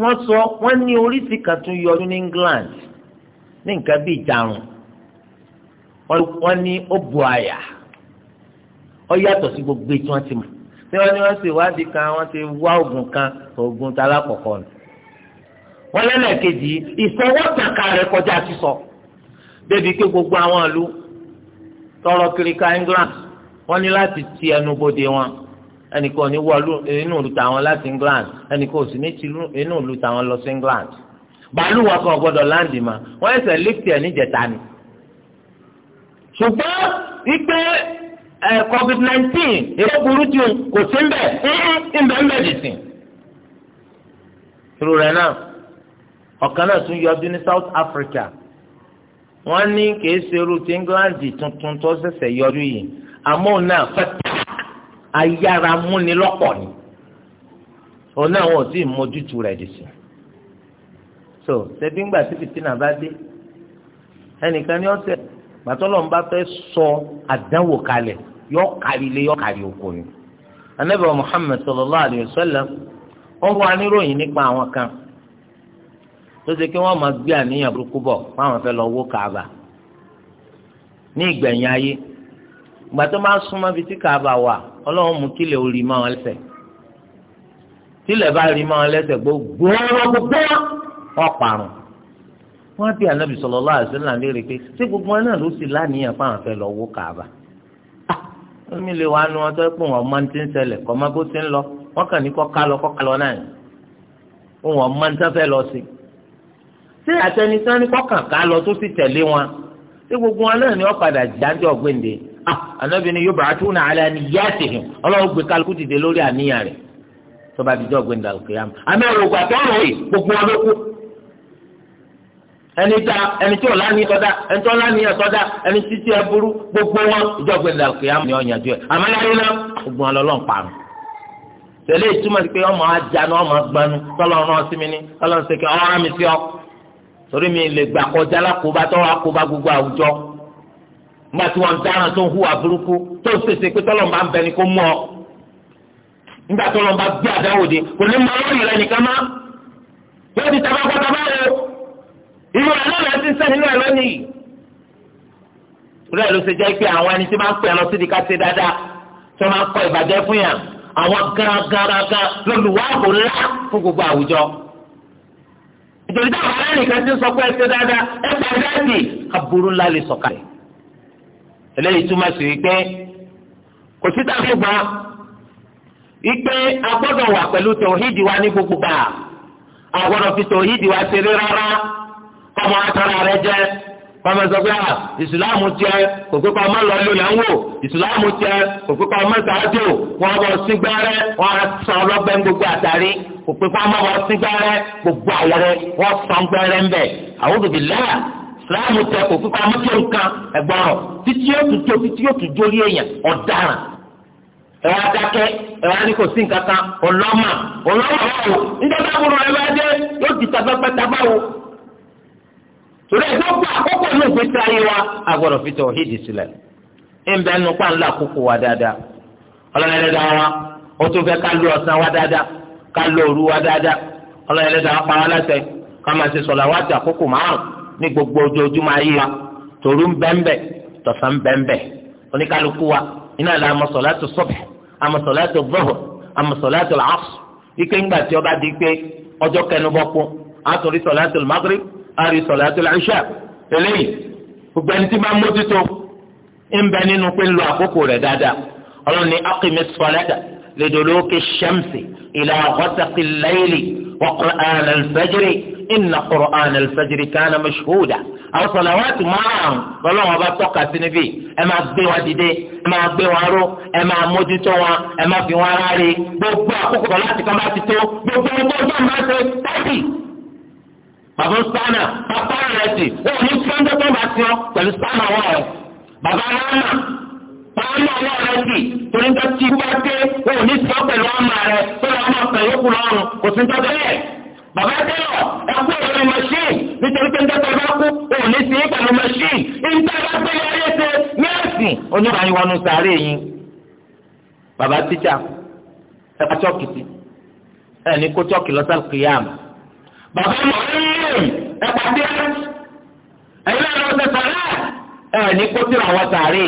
wọ́n sọ wọ́n ní oríṣi kan tún yọjú ní England ní nǹkan bíi ìjarun wọ́n ní ó bu àyà ó yàtọ̀ sí gbogbo ètò wọn ti mọ̀ tí wọ́n ní wọ́n ṣèwádìí kan wọ́n ti wá oògùn kan oògùn tala kọ̀kọ́ wọn lẹ́lẹ́kejì ìsọwọ́tàkà rẹ̀ kọjá sísọ débi pé gbogbo àwọn ìlú tọrọ kiriká England wọn ní láti ti ẹnubodè wọn ẹnìkan ní wọlú inú ìlú tàwọn láti England ẹnìkan ò sì ní ti inú ìlú tàwọn lọ sí England bàálù wọn kan gbọ́dọ̀ láǹdì mà wọn ẹsẹ lift ẹ níjẹta ni ṣùgbọ́n wípé ẹ covid nineteen èyí burú jù kò sí ń bẹ̀ ń bẹ̀ ń bẹ̀ dì sí. irú rẹ̀ náà ọ̀kan náà tún yọjú ní South Africa wọ́n ní kìí ṣe irú ti England tuntun tó ṣẹ̀ṣẹ̀ yọjú yìí àmọ́ òun náà fẹ́tà ayára múni ni òun náà wọn tí mójútu rẹ̀ dì sí. so ṣebí ńgbà tí fìtínà bá dé ẹnìkan ní bá fẹ́ sọ àdánwò kalẹ̀ yọ kárí ilé yọ kárí oko ni. anábẹ́wò Muhammad sallallahu alayhi wa sallam ó wà nípa àwọn kan. tó ṣe kí wọ́n máa gbé àníyàn burúkú bọ̀ fáwọn fẹ́ lọ wó Kaaba ní ìgbẹ̀yìn ayé ìgbà tó máa súnmọ́ bíi tí Kaaba wà Ọlọ́run mú kílẹ̀ ó rí mọ́ wọn lẹ́sẹ̀ tílẹ̀ bá rí mọ́ wọn lẹ́sẹ̀ gbogbo gbogbo wọn parun wọ́n bí anabi sallallahu alaihi wasallam léèrè pé ṣé gbogbo wọn náà ló sì láníyàn fáwọn fẹ́ lọ wó Kaaba omi ah, lè wá nu wọn tó pé wọn máa ti ń ṣẹlẹ̀ kọ máa bó ti ń lọ wọn kàn ní kọ ká lọ kọ ká lọ náà wọn ṣé àtẹnisán ní kọkàn ká lọ tó sì tẹ̀lé wọn ṣé gbogbo wọn náà ni wọn padà jáde ọgbẹ́ǹde anábìnrin ah, yóò bàá ni yá ti hàn ọlọ́run gbé kálukú dìde lórí àníyàn rẹ̀ tó dìde ọgbẹ́ǹde àlùkìyàm àmì tó gbogbo wọn ló kú ẹni tá gbogbo wọn àlùkìyàm ni ọ̀yàn gbogbo wọn torí mi lè gbà kọjá lákòóbá tó wàá kóbá gbogbo àwùjọ nígbà tí wọn dáràn tó ń hùwà burúkú tó ń pèsè pé tọ́lọ̀ máa ń bẹ ni kó mú ọ nígbà tọ́lọ̀ bá gbé àdáwò de kò ní mọ ọlọ́run rẹ nìkan má yóò di tabakọ tabakọ ìlú ọlọ́run ẹ ti ń sẹ́yìn náà lónìí rẹ ló ṣe jẹ́ pé àwọn ẹni tí máa ń pè lọ sídìí ká ṣe dáadáa tí máa ń kọ ìbàjẹ́ fún yàn àwọn gángan nítorí táwọn ará nìkan ti ń sọ pé ẹsẹ dáadáa ẹ pa dáàbì aburú ńlá lè sọ̀kalẹ̀ eléyìí túmọ̀ sí wípé kò sí táwọn gbà wípé a gbọ́dọ̀ wà pẹ̀lú tòhídìí wa ní gbogbo gbà a gbọ́dọ̀ fi tòhídìí wa ṣeré rárá kọ́mọ àtàrà rẹ jẹ́ kọ́mọ sọ pé à ah, ìsìláàmù tiẹ̀ kò pé kọ́ ọmọ lọ lò náà ń wò ìsìláàmù tiẹ̀ kò pé kọ́ ọmọ sàájò wọn bọ̀ sí gbẹ́rẹ́ wọn sọ ọlọ́gbẹ́ gbogbo àtàrí kò pé kọ́ ọmọ bọ̀ sí gbẹ́rẹ́ gbogbo àwọ̀rẹ́ wọn sọ gbẹ́rẹ́ ń bẹ̀ àwọn òbí lẹ́yà ìsìláàmù tiẹ̀ kò pé kọ́ ọmọ tó nǹkan ẹ̀gbọ́rọ̀ títí yóò tún tó títí yóò tún dórí èèyàn ọ̀daràn ẹwà dákẹ́ ẹwà ní kò sí nǹkan kan ọlọ́mà ọlọ́mà báwo nígbà tó burú ẹ bá dé yóò ti tàbẹ́pẹ́ tàbáwo torí ẹjọ́ gba àkókò ní ìgbésí ayé wa a gbọ́dọ̀ fi tọ̀hídì sílẹ̀ ń bẹ́ẹ̀ nu àkókò wa dáadáa ọlọ́run ẹlẹ́dàá wa ó tún fẹ́ ká lo ọ̀sán wa dáadáa ká lo òru wa dáadáa ọlọ́run ẹlẹ́dàá wa pa wá ká máa ṣe sọ̀lá wá ti wa tòru ń tọ̀sán oníkálukú wa iná la sọ̀bẹ̀ àrí sọ̀látùl ìṣà eléyìí gbogbo ẹni tí máa mójútó ń bẹ nínú pé ń lo àkókò rẹ̀ dáadáa ọlọ́run ní aqimis salata liduluki shamsi ila ghasaqil layli wa qur'an al-fajri inna qur'an al-fajri kana mashhuda àwọn sọ̀làwátì márùn-ún lọ́lọ́wọ́ bá tọ́ka sí níbí ẹ máa gbé wa dìde ẹ máa gbé wa ró ẹ máa mójútó wa ẹ máa fi wọn rárẹ̀ gbogbo àkókò bàbá spanà pápá rẹ̀ sì wọ́n ní sọ́ńdọ́ tó bá tiọ́ pẹ̀lú spanà wọ́n rẹ̀ bàbá rama pàmò ọwọ́ rẹ̀ sì torí ń tọ́jú ibú bá dé wọ́n ní sọ́ pẹ̀lú ọmọ rẹ̀ tó lọ́ ọmọ pẹ̀lú òkú lọ́rùn kò sí tọ́jú ẹ̀ bàbá tẹ́lọ̀ ẹkú ìròyìn machine nítorí pé ń tọ́jú bá kú wọ́n ní sí pẹ̀lú machine ìgbà bá gbé ayé ṣe ní ẹ̀sìn oníbàáyí wọnú sàárè yín bàbá tíjà ẹ̀ bàbá mọ̀lẹ́yìn ẹ̀pà dé ẹ̀yin náà lọ́wọ́ sẹ́sọ̀rẹ́ ẹ̀ ní kó síra wọ́n sàárè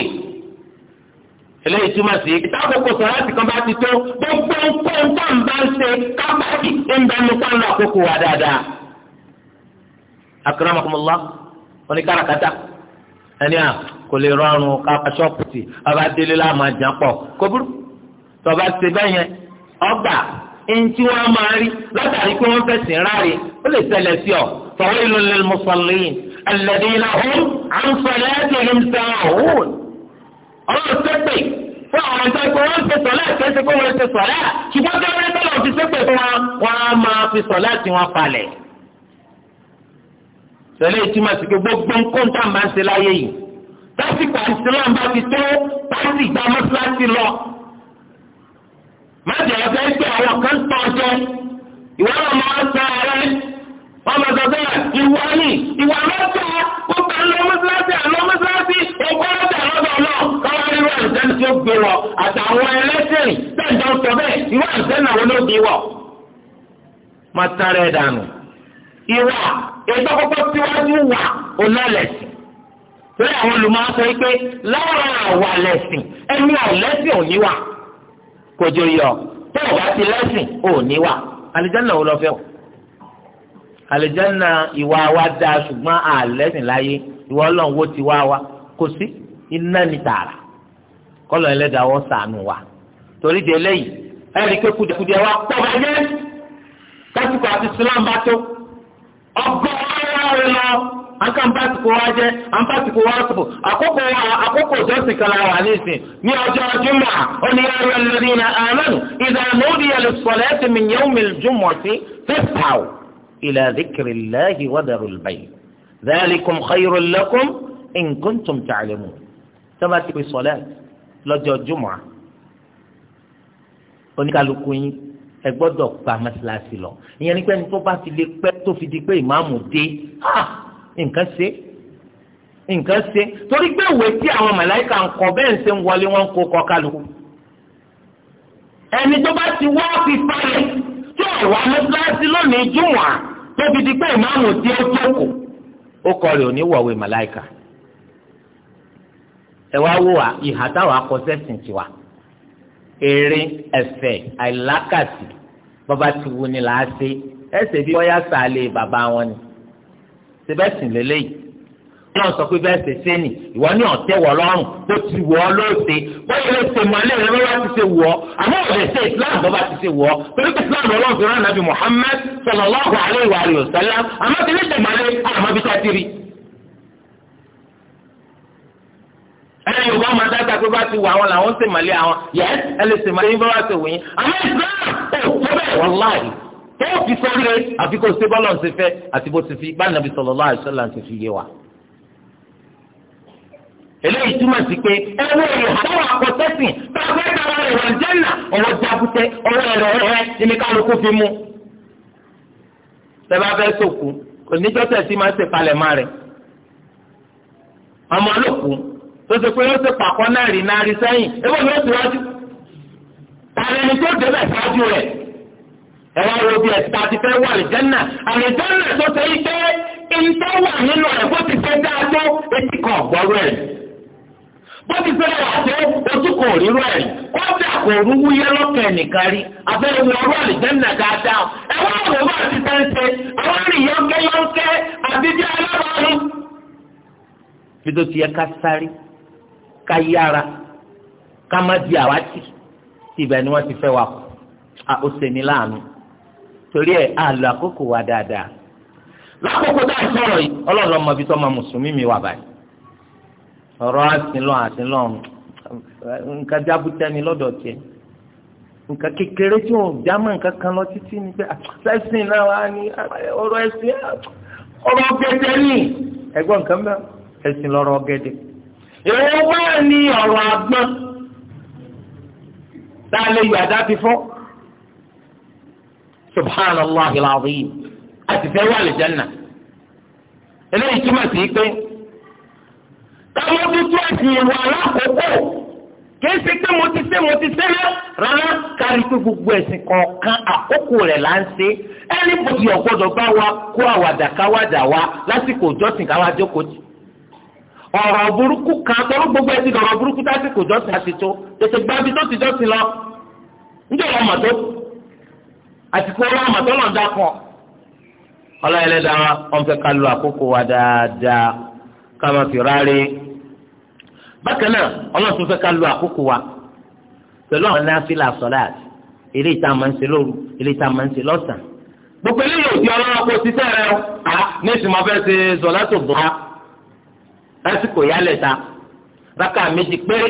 eléyìí túmọ̀ sí ìta àkókò sọ̀rọ̀ kan bá ti tó gbogbo nǹkan tó ń bá ń ṣe kábàdì ń bá ń lọ àkókò wa dáadáa. akramakumullah wọn ní kárakáta ẹni à kò lè rọrùn kápá ṣọ́ọ̀pù tì tọba ti bẹ́ẹ̀ eŋti wọn máa rí látàrí pé wọn fẹsẹ̀ ráre ó lè ṣẹlẹ̀ sí ọ fawailul lil musallin alladhina hum an salatihim sahun ọlọ́run sẹ́pẹ̀ fún àwọn ọ̀dọ́ pé wọ́n ń fi sọ̀lá àtẹ́sí pé wọ́n ń fi sọ̀lá ṣùgbọ́n tó wọlé tọ́lọ̀ fi sẹ́pẹ̀ fún wọn wọ́n á máa fi sọ̀lá tí wọ́n falẹ̀. sọ̀lá ìtumọ̀ sí pé gbogbo nǹkan tá a máa ń ṣe láyé yìí lásìkò àìsílámù bá ti tó pàṣẹ ìgbà mọ́ṣáláṣí lọ má jẹ́ ọ̀sẹ̀ pé àwọn kan tọ́ ọjọ́ ìwọ náà máa ń tọ́ ọ̀rẹ́ wọ́n máa sọ bẹ́ẹ̀ ìwọ ni ìwọ lọ́tọ̀ ó kà ń lọ mọ́sálásí àlọ́ mọ́sálásí ògbó lọ́tọ̀ lọ́dọ̀ náà káwọn irú àǹtẹ́ni tí ó gbé wọ àtàwọn ẹlẹ́sìn tẹ̀jọ́ sọ bẹ́ẹ̀ irú àǹtẹ́ni àwọn ló bí wọ. má tara ẹ̀ dànù ìwà ètò kọ́kọ́ síwájú wà onálẹ̀sìn torí àwọn olùmọ̀ sọ pé lára àwà lẹ̀sìn ẹni àwòlẹ́sìn òníwà. kojú yọ tó o bá ti lẹ́sìn ò ní wà alìjánná wo lọ fẹ́ o alìjánná ìwà wa da ṣùgbọ́n lẹ́sìn láyé ìwà ọlọ́run wo ti wá wa kò sí iná ni tààrà kọ́lọ̀ ẹlẹ́dàá wọ́n sànù wa torí de eléyìí ẹ̀rí pé kùdìkùdì wa pọ̀ bàjẹ́ kásìkò àti tó ọgbọ́n ọlọ́run lọ. àǹkà ń bá àsìkò wa jẹ́ à ń bá àsìkò wa sùn àkókò wa àkókò ìjọsìn kan la wà nísìn ní ọjọ́ jùmọ̀ ó ní ayọ̀ lẹ́dínà àmọ́nù ìdààmú òdì yẹn lùsọ̀lẹ́ ti mi yẹ́wò mi jùmọ̀ sí fẹ́fàù ila dhikrillahi wadarul bayt dhalikum khayrun lakum in kuntum ta'lamun sábà ti pè sọ̀lẹ́ lọ́jọ́ jùmọ̀ oníkàlùkù yín ẹ gbọ́dọ̀ gba mọ́sálásí lọ ìyẹn ní pẹ́ni tó bá fi lè pẹ́ tó fi di pé ìmáàmù dé ha nǹkan ṣe nǹkan ṣe torí pé ìwé tí àwọn màláìka ń kọ bẹ́ẹ̀ ń ṣe ń wọlé wọn kó kọ kálukú ẹni tó bá ti wá fi falẹ̀ tí ìwà mọ́tíláṣí lónìí jùmọ̀ tóbi di pé ìmáàmù tí ó jókòó ó kọ rẹ̀ òní wọ̀wé màláìka ẹ wá wò wá ìhà táwọn efe tiwa eré ẹ̀fẹ̀ àìlákàtì bàbá ti wù ní làásì ẹsẹ̀ bí wọ́n yá bàbá wọn ni. ṣe bẹ́ẹ̀ sìn lélẹ́yìí náà sọ pé bẹ́ẹ̀ ṣe ṣe nì ìwọ ní ọ̀tẹ́ wọ̀ lọ́rùn tó ti wọ̀ ọ́ lóòṣè bóyá lè ṣe mọ̀lẹ́ rẹ lọ́wọ́ ti ṣe wọ̀ ọ́ àmọ́ ò lè ṣe islam bọ́ bá ti ṣe wọ̀ ọ́ torí pé islam ọlọ́run fi rán nàbì muhammad sallallahu alaihi wa alihi wasallam àmọ́ ti ní ṣèmọ̀lẹ́ àmọ́ bí sáà ti rí. ẹni yorùbá máa dáadáa pé bá ti wọ àwọn làwọn ṣèmọ̀lẹ́ àwọn yẹ́ẹ́ ẹ lè ṣèmọ̀lẹ́ yín bá wà ṣèwìn àmọ́ islam ò tó bẹ́ẹ̀ wọ́n tó o fi sọ́ọ́rẹ́ àfi kó o ṣe bọ́lọ̀ ṣe fẹ́ àti bó ti fi bá nàbí sallallahu alaihi wasallam ti fi yé wa. eléyìí túmọ̀ sí pé ẹwọ́ ẹ̀rọ àwọn akọ̀tẹ́sìn tó a fẹ́ dára ẹ̀rọ jẹ́nà ọwọ́ jábútẹ́ ọwọ́ ẹ̀rọ rẹ ẹni kálukú fi mú. tẹ́lá fẹ́ sọ̀kù oníjọ́tẹ̀ sí máa ń ṣe palẹ̀ má rẹ̀. ọmọ tó ẹ wá wo bí ẹ̀sìn àti fẹ́ wà àlìjẹ́nà àlìjẹ́nà tó ṣe yí pé ìtọ́ wà nínú rẹ̀ bó ti fẹ́ dáa tó etí kan gbọ́rọ̀ ẹ̀ bó ti fẹ́ wà tó ojú kan ò rírọ̀ ẹ̀ kọ́ńtà kò rúwú yẹ lọ́kàn ẹnìkan rí àfẹ́rẹ́ wọn ọ̀rọ̀ àlìjẹ́nà dáadáa ẹ wá wo bá ti fẹ́ ṣe àwọn ènìyànkẹ́ yọ̀ǹkẹ́ àti bí alábàárù. bí ti yẹ ká sáré ká yára ká má di àwátì ibẹ̀ ni wọ́n ti fẹ́ wà kù ó ṣe ní láàánú torí ẹ̀ àlọ́ àkókò wa dáadáa lákòókò tá a sọ̀rọ̀ yìí ọlọ́run ọmọ ibi tó mùsùlùmí mi wà báyìí ọ̀rọ̀ àsìnlọ́ àsìnlọ́ nǹkan ni lọ́dọ̀ nka nǹkan kékeré tí wọn já nǹkan kan lọ títí ni pé àtúnṣẹ́sìn ah, náà wà ní ah, ọ̀rọ̀ ẹ̀sìn ah, ọ̀rọ̀ gẹ́gẹ́ ní ẹ̀gbọ́n nǹkan mẹ́ ẹ̀sìn lọ́rọ̀ gẹ́gẹ́ ìwọ̀n wà ní àgbọn tá ti subhanallahi alazim àti fẹ́ wà lìjánà eléyìí túmọ̀ sí pé káwọn tuntun ẹ̀sìn wà lákòókò kìí ṣe pé mo ti ṣe mo ti ṣe lọ rárá kárí pé gbogbo ẹ̀sìn kọ̀ọ̀kan àkókò rẹ̀ là ń ṣe ẹni bòtí ọ̀gbọ́dọ̀ bá wa kó àwàdà káwàdà wa lásìkò ka gbogbo ẹ̀sìn ọ̀rọ̀ burúkú àti tó tètè tó ti lọ tó àti kó ọlọ́run àtọ́lọ̀ dákọ̀ ọlọ́run ẹlẹ́dàá wọn fẹ́ ká lo àkókò wa dáadáa ká máa fi rárẹ̀ bákan náà ọlọ́run tún fẹ́ ká lo àkókò wa pẹ̀lú àwọn náfìlà sọ́láàtì ilé ìta máa ń ṣe lóru ilé ìta máa ń ṣe lọ́sàn gbogbo eléyìí òbí ọlọ́run kò síṣẹ́ rẹ o ní ìsìnmọ́ fẹ́ ṣe zọlá tó bọ̀ lásìkò yálẹ̀ ta rákà méjì péré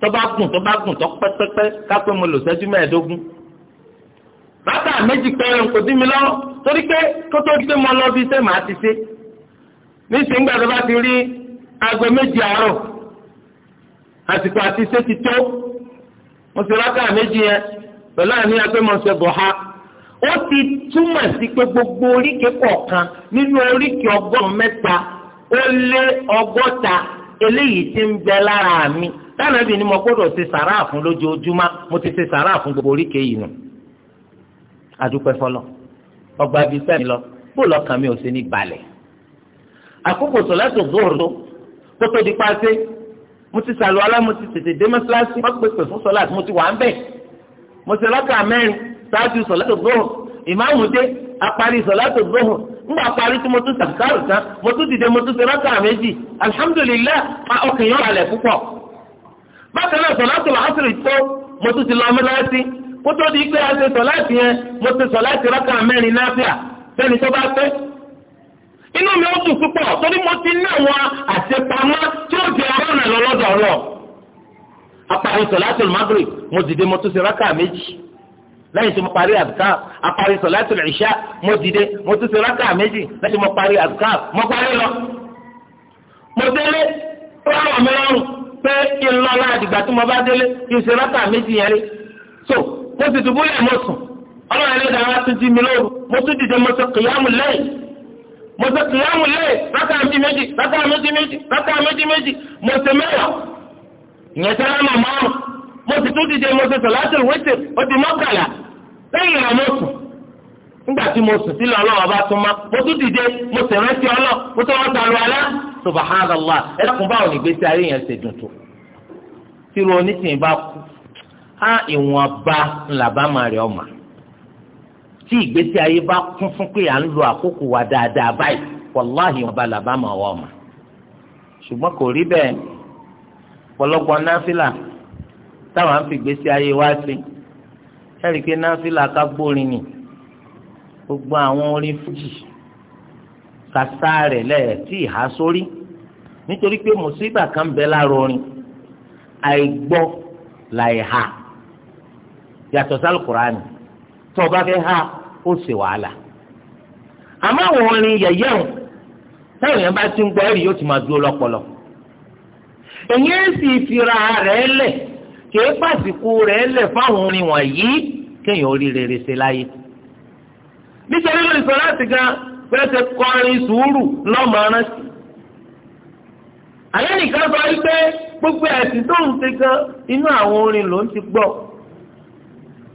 tó gùn tó gùn tó pẹ́pẹ́pẹ́ ká pé mo lò sẹ́jú mẹ́ẹ̀ẹ́dógún bàtà méjì péré kò dí mi lọ́wọ́ torí pé kó tó gbé mọ́ sẹ́ màá ti ṣe bá ti rí aago méjì àárọ̀ àsìkò àti ṣe ti tó mo ti méjì yẹn pẹ̀lú ha ó ti túmọ̀ pé gbogbo oríkèé kọ̀ọ̀kan nínú ọgọ́rùn-ún mẹ́ta ó lé ọgọ́ta eléyìí ti ń bẹ lára mi bí ni mo gbọ́dọ̀ ṣe gbogbo yìí adúpẹ́ fọlọ́ ọgbà bíi sẹ́mi lọ bó lọ́kàn mi ò sí ní balẹ̀ àkókò sọ̀lá tó gbòòrò kó tó di pàṣẹ mo ti sàlù alá mo ti tètè dé mọ́sálásí wọ́n pèpè fún sọ̀lá mo ti wà ń bẹ̀ mo ti lọ́kà mẹ́rin ṣáájú sọ̀lá tó gbòòrò ìmáàmù dé apari sọ̀lá tó gbòòrò ńgbà parí tí mo tún sàkárò tán mo tún dìde mo tún ṣe lọ́kà méjì alihamudulilayi ọkàn yọ kó tó di pé a ṣe sọ láti yẹn mo ṣe sọ láti rákà mẹ́rin náfíà sẹ́ni tó bá fẹ́. inú mi ó dùn púpọ̀ torí mo ti ní àwọn àṣepamọ́ tí ó di ọ̀rọ̀ náà lọ́lọ́dọ̀ ọ̀rọ̀. apari sọ láti magre mo dìde mo tún ṣe rákà méjì lẹ́yìn tí mo parí azkar apari sọ láti ìṣá mo dìde mo tún ṣe rákà méjì lẹ́yìn tí mo parí azkar mo parí lọ. mo délé ráwọ̀ mi lọ́rùn pé kí n lọ́la àdìgbà tí mo bá délé kí n ṣe rákà méjì yẹn rí. so mo sì dùbú lẹ̀ mo sùn ọlọ́run ẹlẹ́dàá wa tún jí mi lóru mo tún dìde mo sọ kìyàmù lẹ́yìn mo sọ kìyàmù lẹ́yìn rákà méjì méjì rákà méjì méjì rákà méjì méjì mo sọ mẹ́wàá ìyẹn sẹ́lá mà márùn mo sì tún dìde mo sọ sọ̀láṣì wẹ́tẹ̀ ó lẹ́yìn mo sùn nígbà tí mo sùn sílẹ̀ ọlọ́run ọba tún mo tún á ìwọ̀nba ba máa rẹ̀ ọ̀mà tí ìgbésí ayé bá kún fún pé à ń lo àkókò wa dáadáa báyìí wàláhì ìwọ̀nba làbá máa wọ̀ ọ̀mà ṣùgbọ́n kò rí bẹ́ẹ̀ pọ̀lọpọ̀ náfìlà táwọn á fi ìgbésí ayé wá sí ẹ̀rí pé náfìlà ká gbórin ni gbogbo àwọn orin fújì kàtà rẹ̀ lẹ̀ tí ìhà sórí nítorí pé mùsíbà kan bẹ lára orin àìgbọ́ làìhà yàtọ̀ sálù kùránì tó o bá fẹ́ ha ó sì wàhálà àmọ́ àwọn orin yẹ̀yẹ́ o táwọn bá ti ń gbọ́ ẹ̀rí yóò ti máa dúró lọ́pọlọ èyí sì fira rẹ̀ lẹ̀ kìí pàṣípò rẹ̀ lẹ̀ fáwọn orin wọ̀nyí kéèyàn orí rere ṣe láyé nítorí lórí sọ láti ga ṣe kọrin sùúrù lọ́mọ̀ọ́rán sí àlẹ́ nìkan sọ wípé gbogbo ẹ̀sìn tó ń ṣe gan inú àwọn orin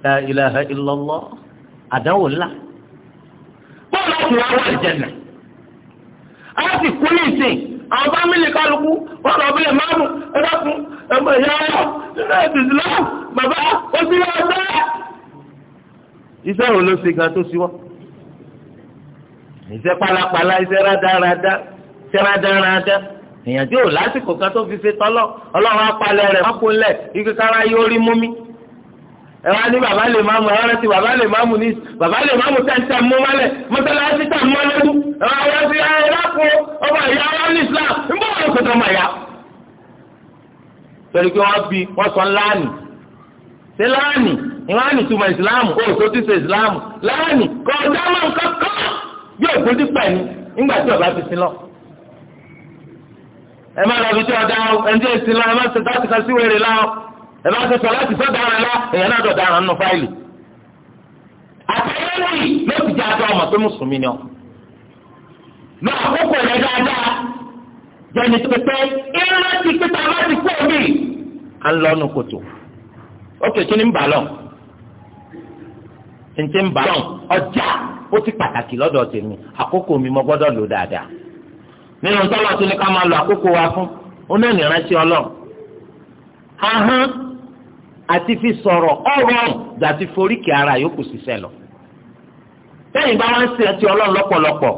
la ilaha illallah àdánwò ńlá bọ́ọ̀lù àti wàhálà ìjẹ̀nà a sì kú ní ìsìn àwọn fámìlì kálukú wọn lọ bílẹ̀ márùn ẹ̀dọ́kun ẹ̀mọ ìyá ọ̀rọ̀ nínú ẹ̀dùnsìn náà bàbá ó sì wá ọ̀dọ́ iṣẹ́ wo ló ṣe gan tó ṣíwọ́ iṣẹ́ pálapàla iṣẹ́ rádaràda iṣẹ́ rádaràda èèyàn tí ò lásìkò kan tó fi ṣe tọ́lọ́ ọlọ́run apalẹ̀ rẹ̀ mọ́kúnlẹ̀ ike kára yóò rí mú mi ẹ wá ní bàbá lè máa mú ẹ rántí bàbá lè máa mú ní bàbá lè máa mú tẹ̀sítẹ̀ mú mọ́lẹ̀ mọ́tàlásí tà mọ́ lọ́dú ẹ wá wá sí ẹ lápò ọmọ ìyá wa ní Islam ń bọ̀ wọ́n kọ́tọ́ mọ̀ ya. torí pé wọ́n bí wọ́n sọ láàánì ṣé láàánì ìwọ́n á ní túmọ̀ Islam ó tó ti ṣe Islam láàánì kọ́ ọ̀dá máa ń kọ́kọ́ bí ògùn ti pẹ̀ ní nígbà tí ọba fi sin lọ ẹ má lọ fi tí ọ̀dà ebe ti sọ láti sọ dára èèyàn náà àrùn nù fáìlì. ló ti jẹ́ àjọ ọmọ ni ọ. lọ àkókò rẹ dáadáa jẹni tó a ti kú omi ọjà ó ti pàtàkì lọ́dọ̀ tèmi àkókò mi mo gbọ́dọ̀ lò dáadáa. nínú tọ́lá tó ní ká máa àkókò wa fún àti fi sọ̀rọ̀ ọ̀rọ̀ àti foríkì ara yòókù ṣiṣẹ́ lọ. sẹ́yìn bá wọ́n ń ṣe ẹtì ọlọ́run lọ́pọ̀lọpọ̀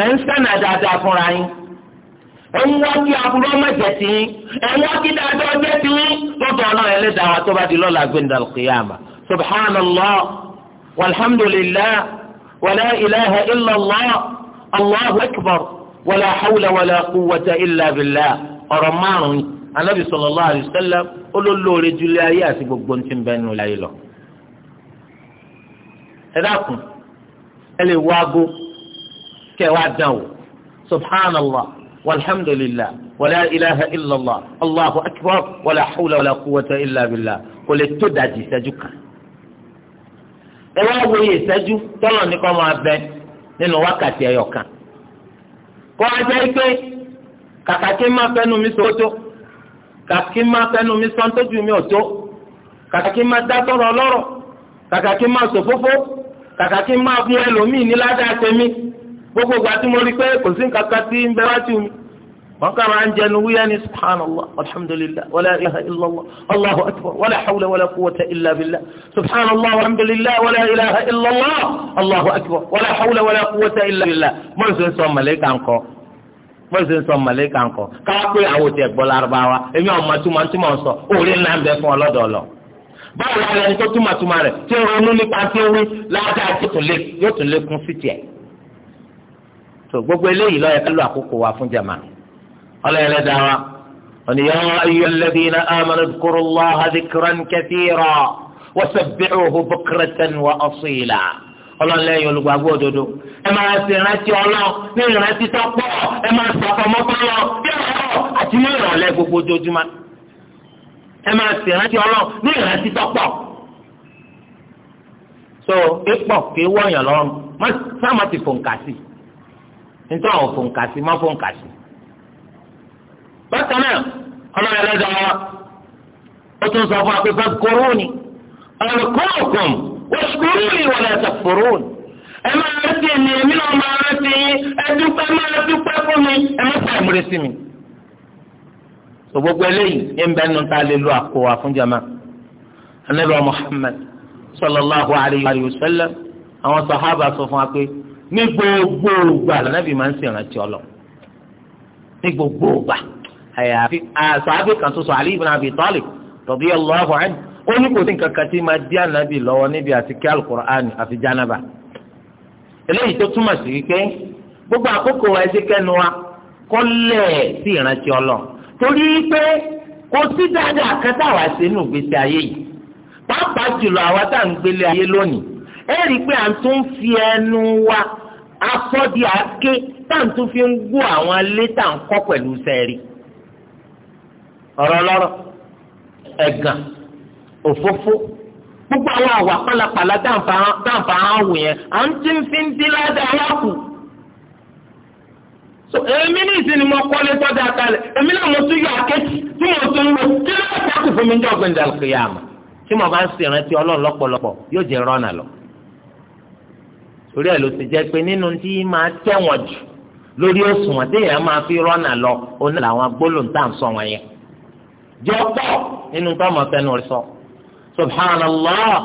ẹ̀ ń sẹ́nà dáadáa fúnra yín ẹ̀ ń wá kí aburú ọmọ ẹ̀jẹ̀ tì yín ẹ̀ ń wá kí dáadáa ọjọ́ tì yín lọ́dọ̀ ọlọ́run ẹlẹ́dàá wa tó bá di lọ́la gbẹ̀ndàl kìyàmà anabi sallallahu alaihi wasallam olólóore jùlọ ayé àti gbogbo ntí bẹnu láyé lọ. ẹ dákun ẹ lè wá aago kẹ wá dán o subhanallah walhamdulillah wàlá ilaha illallah allahu akbar wàlá hawla wàlá quwwata illa billah kò lè tó dajì ìṣẹ́jú kan. ẹ wá wo iye ìṣẹ́jú tọ́lọ̀ ní kọ́ máa bẹ nínú wákàtí ẹyọ kan. kọ́ ajá ike kàkàtí máa fẹ́nu mi sọ́tò kàkà kí n máa fẹnu mi sọ tójú mi ò tó kàkà kí n máa dá tọrọ ọlọ́rọ̀ kàkà kí n máa sòfófó kàkà kí n máa mú ẹlòmíì ní ládàá tèmi gbogbo ìgbà tí mo rí pé kò sí nǹkan kan tí ń bẹ wájú mi wọn kà máa ń jẹnu wíyá ní subhanallah alhamdulilah wàlá ilaha illallah allahu akbar wàlá hawla wàlá quwwata illa subhanallah alhamdulilah wàlá ilaha illallah allahu akbar wàlá hawla wàlá quwwata illa billah mọ̀ mọ̀lẹ́kà ńkọ́ mọ̀sẹ̀ ń sọ mọ̀lẹ́kà ńkọ káwá pé àwọn òtí ẹ̀gbọ́n lárúbáwá èmi ọmọ túmọ̀ ń sọ òòrè ńlá ń bẹ fún ọlọ́dọ̀ ọlọ. báwo la ẹni tó túmọ̀ túmọ̀ tí ó ronú nípa tí ó wí ládàá yóò tún lékún sí tiẹ̀. tó gbogbo eléyìí ló yẹ àkókò wa fún jàmá ọlọ́yẹlẹ dá wa ọ̀nìyàn ayé alladhina ọlọ́nlẹ́yìn olùgbàgbọ́ òdodo ẹ máa ṣe ìrántí ọlọ́ ní ìrántí tó pọ̀ ẹ máa ṣàfọmọ́ fọlọ́ bí ọ̀rọ̀ àti ní ìrọ̀lẹ́ gbogbo ojoojúmọ́ ẹ máa ṣe ìrántí ọlọ́ ní ìrántí tó pọ̀ so ipò kì í wọ̀nyàn lọ́rùn sáàmà ti fòǹkà sí nítorí àwọn fòǹkà sí má fòǹkà sí. bákan náà ọlọ́run ẹlẹ́dàá wa ó tún sọ fún akpẹ́fẹ́ kúrú ni ọ̀rọ̀ wọ́sùkúrú ni wọ́n lẹ́sẹ̀ fòrún. ẹ máa rántí ẹni èmi náà máa rántí ẹ dúpẹ́ máa dúpẹ́ fún mi ẹ má fà ìmúre sí mi. gbogbo eléyìí ń bẹ́ẹ̀ nù tá a lè lo àpò àfúnjàmá. anabi muhammad sallallahu alayhi wa sallam àwọn sahaba sọ fún wa pé ní gbogbo ògbà lànàbì máa ń ṣèrántí ọlọ ní gbogbo ògbà àyàfi àṣàbí kan tó sọ Ali ibn Abi Talib radiyallahu anhu ó ní kò sí nǹkan kan tí máa dí ànábì lọ́wọ́ níbi àti kí alukur'an àfi jánaba eléyìí gbogbo àkókò wa ẹsẹ̀ kẹnu wa kọ́ lẹ̀ sí ìrántí ọlọ́ torí pé kò sí dáadáa kẹta wá ayé yìí pàápàá jùlọ àwa tá à ń gbélé ayé lónìí ẹ rí i pé à ń fi ẹnu wa afọ́dí àáké tá à ń tún fi ń gbó àwọn alé tá à ń kọ́ pẹ̀lú òfófó gbogbo àwọn àwà pálapàla dáǹfà áwò yẹn à ń tí ń fi ń dín ládàá aláàkù. so èmi ní ìsìn ni mo kọ́lé tọ́jà kalẹ̀ èmi náà mo tún yọ àkẹ́tì tí mo tún lò kí ló bá kù fún mi ní ọ̀gbìn ìdàlùkìyà àmọ́ tí mo bá ń ṣèrántí ọlọ́run lọ́pọ̀lọpọ̀ yóò jẹ́ rọ́nà lọ. torí ẹ̀ ló ti jẹ́ pé nínú tí máa tẹ̀wọ̀n jù lórí òṣùwọ̀n téèyàn máa fi rọ́nà lọ òun làwọn gbólóǹtà ń sọ wọn yẹn. jọ́pọ̀ nínú tọ́mọ̀ fẹ́nu sọ. So سبحان الله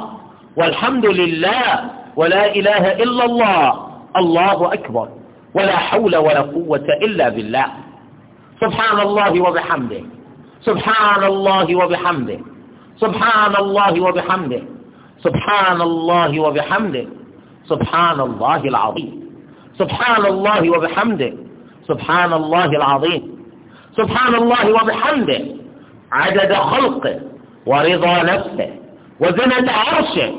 والحمد لله ولا إله إلا الله الله أكبر ولا حول ولا قوة إلا بالله سبحان الله وبحمده سبحان الله وبحمده سبحان الله وبحمده سبحان الله وبحمده سبحان الله العظيم سبحان الله وبحمده سبحان الله العظيم سبحان الله وبحمده عدد خلقه ورضا نفسه وزنة عرشه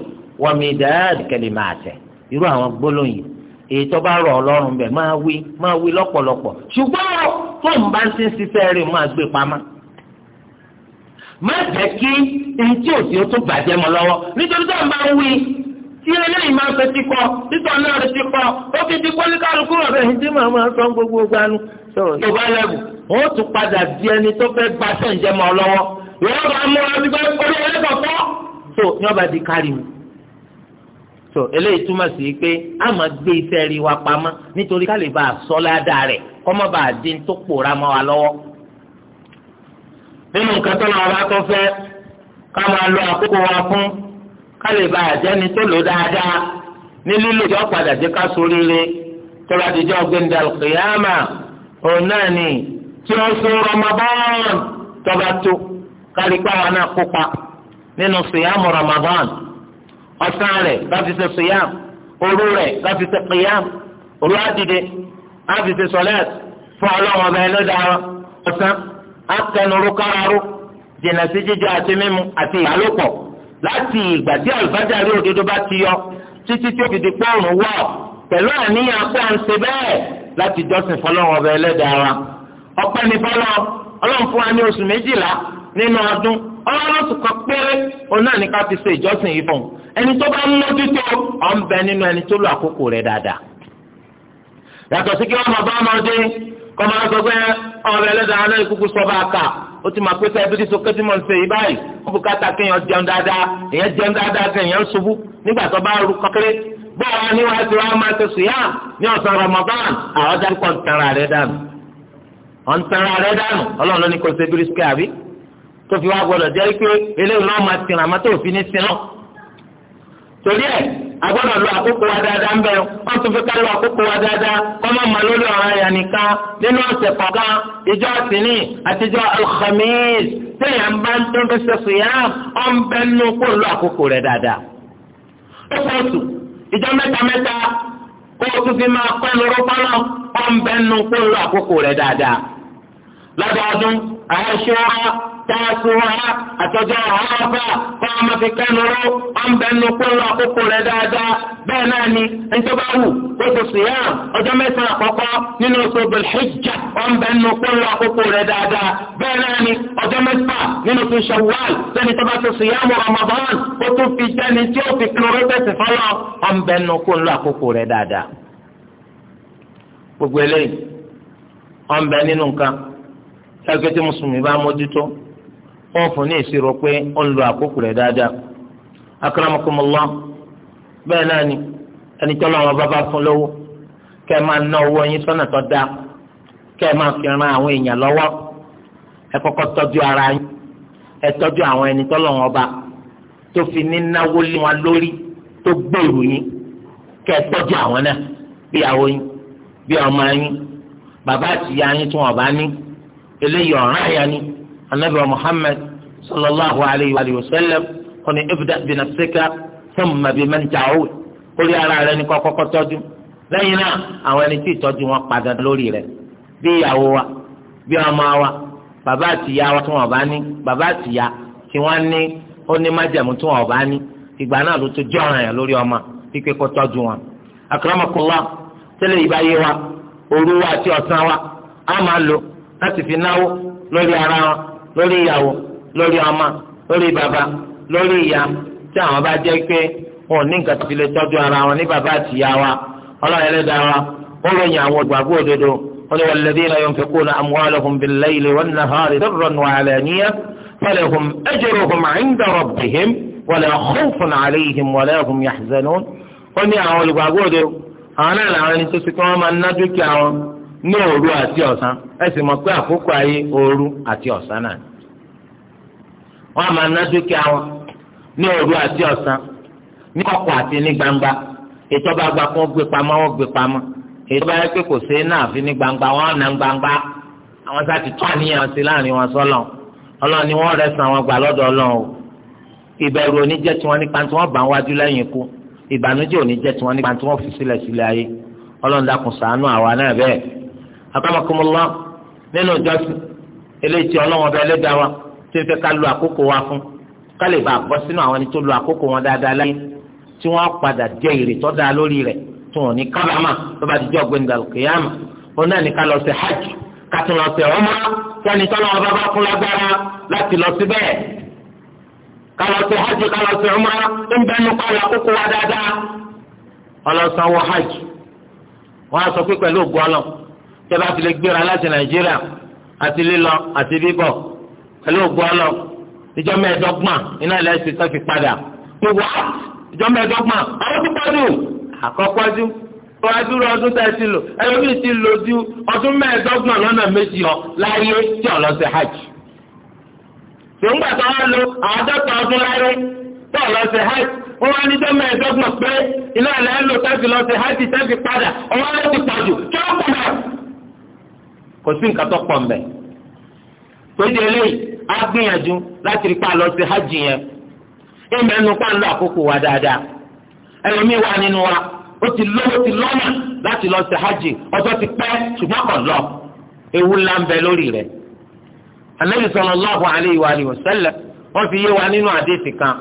ومداد كلماته irú àwọn gbólóhùn yìí èyí tó bá rọ̀ ọlọ́run bẹ̀ máa wí máa wí lọ́pọ̀lọpọ̀ ṣùgbọ́n fóun bá ń sin ṣiṣẹ́ rẹ̀ máa gbé pamọ́ má jẹ́ kí ntí òsì ó tún bàjẹ́ mọ́ lọ́wọ́ nítorí tó ń bá ń wí tí eléyìí máa ń fẹ́ ti kọ́ títọ́ náà rẹ̀ ti kọ́ ó fi ti pọ́líkàlùkù ọ̀rẹ́ yìí tí màmá sọ gbogbo gbanú. tó bá lẹ́bù wọ́n tún padà di ẹni tó fẹ́ gbàṣẹ́ ìjẹ́mọ́ lọ́wọ́ wọ́n bá mú ọtí pé orí ẹlẹ́kọ̀ọ́ fọ́ so ní ọba di kárí mi so eléyìí túmọ̀ sí pé a máa gbé iṣẹ́ rí wa pamọ́ nítorí ká lè bá a sọ ládàá rẹ̀ kọ́mọ́ bá a dín tó pòórá mọ́ wa lọ́wọ́ nínú nǹkan tó náà wá tó fẹ́ ká máa lo àkókò wa fún ká lè bá a jẹ́ni tó lò dáadáa ní lílo ìjọ ti jẹ́ kárí pé àwọn náà kópa nínú sèyàmù Ramadan ọ̀sán rẹ̀ láti ṣe sèyàmù òru rẹ̀ láti ṣe kìyàmù òru àdìde láti ṣe sọlẹ́t fún ọlọ́run ọba ẹlẹ́dàá ọ̀sán akẹnuru kárarú jìnnà sí jíjẹ àti mímu àti ìbálòpọ̀ láti ìgbà tí àlùfáàjárí òdodo bá ti yọ títí tí ó fi di pọ́ọ̀rùn wọ̀ pẹ̀lú àníyàn pé à ń ṣe bẹ́ẹ̀ láti jọ́sìn fọlọ́run ọba ẹlẹ́dàá wa ọpẹ́ ni fọlọ́ ọlọ́run fún wa ní oṣù méjìlá nínú ọdún ọlọ́run tó kọ péré òun náà ní ká fi ṣe ìjọsìn yìí fún un ẹni tó bá mójútó ọ̀ ń bẹ nínú ẹni tó lo àkókò rẹ̀ dáadáa. yàtọ̀ sí kí wọ́n máa bá ọmọdé kọ́ máa sọ pé ọ̀rẹ́ ẹlẹ́dàá náà kúkú sọ bá ó ti máa pé ń ṣe yìí báyìí bu káta jẹun dáadáa èèyàn ni tó wá gbọ́dọ̀ jẹ́ pé eléyìí náà máa tìrìn àmọ́ tó fi ní sinú. torí ẹ̀ agbọ́dọ̀ lo àkókò wa dáadáa ń bẹ̀ wọ́n tún fi ká lo àkókò wa dáadáa kọ́ máa ma lórí ọ̀rọ̀ ẹ̀yà nìkan nínú ọ̀sẹ̀ kọ̀ọ̀kan ìjọ àtìní àtijọ́ alhamis téèyàn bá ń tó ń fẹsẹ̀ sùyà ọ̀ ń bẹ́ nínú kó lo àkókò rẹ̀ dáadáa. ó pọ̀tù ìjọ mẹ́ta mẹ́ta kó o tún fi máa kọ́ ẹnu rọ́pọ́nà ọ̀ ń bẹ́ nínú kó lo àkókò rẹ̀ dáadáa. lọ́dọọdún àyẹ̀ṣẹ́ tasuwa àtọjọ́ ọ̀hánfà fáwọn fi kẹnu ró ọ̀nbẹ́nu kúrò àkókò rẹ̀ dáadáa bẹ́ẹ̀ náà ni ẹnjọba wù oṣù siyam ọjọ́ mẹ́sàn-án àkọ́kọ́ nínú oṣù bilhijja ọ̀nbẹ́nu ni ọjọ́ mẹ́fà nínú oṣù shawwal siyam ramadan ó fi jẹ́ni tí ó fi kúrò tẹ̀sí fọlọ́ ọ̀nbẹ́nu kúrò àkókò rẹ̀ dáadáa gbogbo eléyìí ọ̀nbẹ́ bá wọn fún ní ìṣirò pé ó ń lo àkókò rẹ̀ dáadáa akramakumullah bẹ́ẹ̀ náà ni ẹni tí bá bá fún lówó kẹ ẹ máa ná owó tó dáa kẹ ẹ máa fi ran àwọn èèyàn lọ́wọ́ ẹ tọ́jú ara yín ẹ àwọn ọba tó fi ní náwó lé wọn lórí tó gbèrú yín ẹ àwọn náà bí àwọn yín bí ọmọ yín bàbá yín tí wọn bá ní ni. anabi muhammed sallallahu alayhi wa sallam ó ní ibda bi nafsika thumma bi man ta'ud orí ara rẹ ní kọ́kọ́kọ́ tọ́jú lẹ́yìn náà àwọn ẹni tí ìtọ́jú wọn padà lórí rẹ bí ìyàwó wa bí ọmọ wa bàbá àtìyá wa tí wọn bá ní bàbá àtìyá tí wọn ní ó ní májẹ̀mú tí wọn bá ní ìgbà náà ló tó jọ ọ̀ràn yẹn lórí ọmọ kíkẹ́ kó tọ́jú wọn. akramakullah tẹ́lẹ̀ ìbáyé wa òru wa àti ọ̀sán wa á máa lò láti fi náwó lórí ara wọn lórí ìyàwó lórí ọmọ lórí bàbá lórí ìyá tí àwọn bá jẹ́ pé wọn ò ní nǹkan tí lè tọ́jú ara wọn ní bàbá àti ìyá wa ọlọ́run ẹlẹ́dàá wa ó lóyìn àwọn ìgbàgbọ́ òdodo wọn wal ladhina yunfiquna amwalahum bil layli wan nahari sirran wa alaniyah falahum ajruhum 'inda rabbihim wala khawfun 'alayhim wala hum yahzanun ó ní àwọn olùgbàgbọ́ òdodo àwọn náà làwọn ẹni tó ní òru àti ọ̀sán ẹ sì mọ̀ pé àkókò ayé òru àti ọ̀sán náà wọ́n á máa ná dúkìá wọn ní òru àti ọ̀sán ní kọ̀kọ̀ àti ní gbangba ètò ọba àgbà kan gbé pamọ́ wọ́n gbé pamọ́ ètò ọba pé kò sí náà fi ní gbangba wọ́n ná gbangba àwọn sáà tó àníyàn sí láàrin wọn sọ́lọ̀ ọlọ́run ni wọ́n rẹ̀ san wọn gbà lọ́dọ̀ ọlọ́run o ìbẹ̀rù oníjẹ́ tí wọ́n nípa tí wọ́n bá wájú lẹ́yìn ikú ìbànújẹ́ oníjẹ́ tí wọ́n nípa tí wọ́n fi sílẹ̀ sílẹ̀ ayé ọlọ́run dákun ṣàánú àwa náà bẹ́ẹ̀ akamakumullah nínú ìjọsìn eléyìí tí ọlọ́wọ́n bẹ lẹ́dàá wa tí fẹ́ ká lu àkókò wa fún ká lè bá bọ́ sínú àwọn ẹni tó lu àkókò wọn dáadáa láyé tí wọ́n padà jẹ́ èrè tó dáa lórí rẹ̀ ní hajj ká lọ sí ọmọ kí ẹni tọ́lọ́ wọn bá bá fún lágbára láti lọ sí bẹ́ẹ̀ ká lọ sí hajj hajj wọ́n á sọ pé pẹ̀lú tẹ́lá ti lè gbéra láti nàìjíríà àti lílọ àti bíbọ̀ pẹ̀lú ògbó ọlọ ìjọ mẹ́ẹ̀ẹ́dọ́gbọ̀n iná ẹlẹ́sìn tó fi padà pé wá ìjọ mẹ́ẹ̀ẹ́dọ́gbọ̀n àwọn tó pàdù àkọ́kọ́jú wájúrò ọdún tá ẹ ti lò ẹlòmíì ti lò ju ọdún mẹ́ẹ̀ẹ́dọ́gbọ̀n lọ́nà méjì ọ láyé tí ọlọ́sẹ̀ hajj tòǹgbà tó wá lo àádọ́ta ọdún láyé tó ọlọ́sẹ̀ hajj wọ́n wá ní jọ́ mẹ́ẹ̀ẹ́dọ́gbọ̀n pé iná ẹlẹ́sìn tó fi lọ́sẹ̀ hajj tẹ́ fi padà ọwọ́ kò sí nǹkan tó pọ̀ mbẹ̀ torí eléyìí á gbìyànjú láti rí pa lọ sí hajj yẹn ìmọ̀ ẹnu pa ń lọ àkókò wa dáadáa ẹlòmíì wà nínú wa ó ti lówó ti lọ́nà láti lọ sí hajj ọjọ́ ti pẹ́ ṣùgbọ́n kò lọ ewu ńlá ń bẹ lórí rẹ̀ anabi sallallahu alayhi wa alihi wa sallam wọ́n fi yé wa nínú àdéhìí kan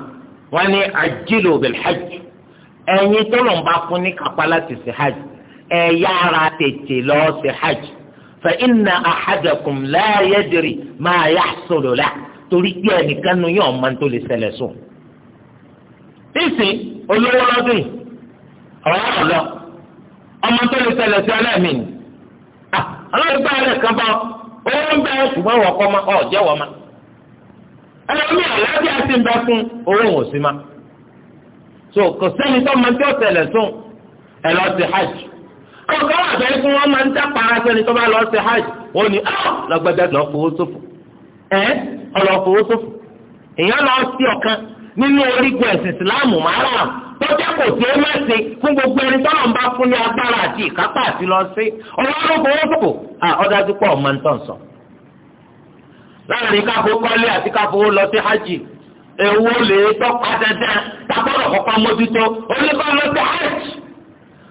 wọ́n ní ajílò bil hajj tó lọ́n bá fún ní kápá láti sí hajj ẹ yára tètè lọ sí hajj فإن أحدكم لا يدري ما يحصل له torí pé ẹnìkan nu yóò máa ń tó lè ṣẹlẹ̀ sùn. nísìn olówó lọ́dún yìí ọ̀rọ̀ náà lọ ọmọ tó lè ṣẹlẹ̀ sí ọlẹ́mì ni. ọlọ́run bá rẹ̀ kan bọ́ owó ń bẹ ṣùgbọ́n wọ́n kọ́ ma ọ̀ jẹ́ wọ́n ma. ẹlẹ́mi àlàáfíà ti ń bẹ fún owó wọn sí ma. so kò sẹ́ni tó máa ń tó ṣẹlẹ̀ sùn ẹ̀ lọ́ọ́ ti hajj. kọ̀ọ̀kan wà bẹ́ẹ̀ fún wọn máa ń dápa ara sẹ́ni tó bá lọ sí hajj wọn ni lọ́gbẹ́dẹ́ lọ fowó ṣòfò ẹ̀ ọ̀lọ́ fowó ṣòfò èèyàn lọ sí ọ̀kan nínú orígun ẹ̀sìn ìsìláàmù márùn-ún tọ́jà kò fún gbogbo ẹni tọ́lọ̀ ń bá fún ní agbára àti ìkápá àti lọ sí ọlọ́run fowó pọ̀ ń tàn sọ. láàrin káfó kọ́lé àti káfó hajj èwo lè kọ́kọ́ mójútó oníkọ́ lọ sí hajj.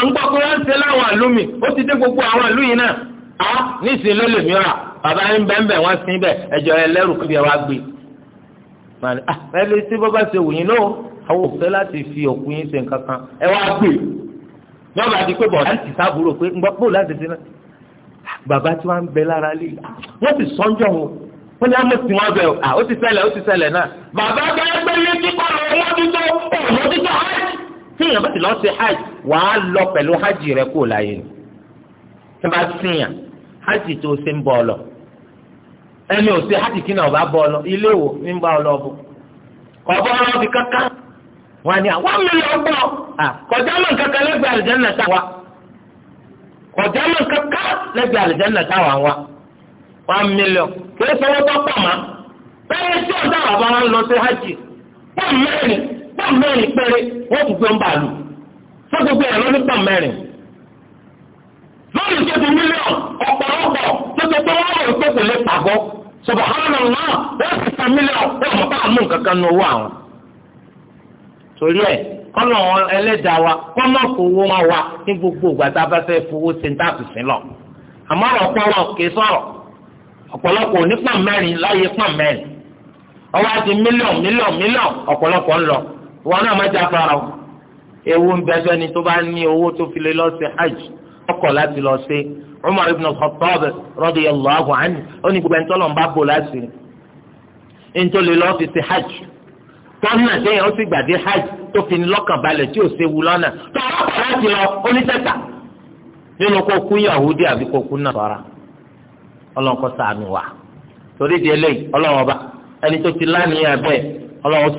ń gbọ́ ṣe láwọn àlú ó ti dé gbogbo àwọn àlú yìí náà á nísìnyí ló lè mí bàbá yín bẹ́ẹ̀ wọ́n sin bẹ́ẹ̀ ẹjọ́ ẹlẹ́rù gbé. Ah, ẹ lè ṣe bọ́bá ṣe wù yín àwọn òfẹ́ láti fi òkú yín ṣe nǹkan kan gbé. pé sábúrò pé láti ṣe náà. Ah, bàbá tí wọ́n ń bẹ lára lé ah, wọ́n ti sọ́njọ́ wọn wọ́n ní àmọ́ tí wọ́n ó ti ṣẹlẹ̀ ó ti náà. bàbá bẹ́ẹ̀ téèyàn bá ti lọ si hajj wàá lọ pẹ̀lú hajj rẹ kó láyé ni tí wọ́n bá sìnyàn hajj tó ṣe ń bọ̀ ọ lọ ẹni ò ṣe hajj kí náà ọba bọ̀ ọ lọ ilé wo ń bá ọ lọ bọ̀ ọba ọlọ́ fi kankan wọn ni àwọn mílíọ̀nù gbọ́ kọjá mọ̀ kankan lẹ́gbẹ̀ẹ́ àlùjánnà táwa kọjá mọ̀ kankan lẹ́gbẹ̀ẹ́ àlùjánnà táwa wa one million kí ẹ sọ wọ́n tọ́ pọ̀ mọ́ bẹ́ẹ̀ tí ọ̀dọ́ àbá wọn lọ sí hajj pọ̀ mẹ́rin. pọ́ùn mẹ́rin péré wọ́n ti gbé ń bàálù fún gbogbo ẹ̀rọ ní pọ́ùn mẹ́rin lórí ìjẹ́bi mílíọ̀nù ọ̀pọ̀lọpọ̀ tó ti pé wọ́n rò pé kò lè pàgọ́ náà wọ́n ti mílíọ̀nù wọ́n bá mú nǹkan nu owó àwọn. torí kọ́nà ẹlẹ́dàá wa kọ́nà fowó lọ. àmọ́ kì í sọ̀rọ̀ ọ̀pọ̀lọpọ̀ láyé ọwọ́ mílíọ̀nù mílíọ̀nù mílíọ̀nù ọ̀pọ̀lọpọ̀ ń lọ ìwọ náà má fara o ewu ń bẹ tó bá ní owó tó fi lé lọ hajj ọkọ̀ láti lọ sí Umar ibn al-Khattab radiyallahu anhu ó ní gbogbo ẹni tó lọ́n bá bò láti ní sí hajj tọ́nà lẹ́yìn ó sì gbàdé tí ò lọ́nà lọ oníṣẹ́ta nínú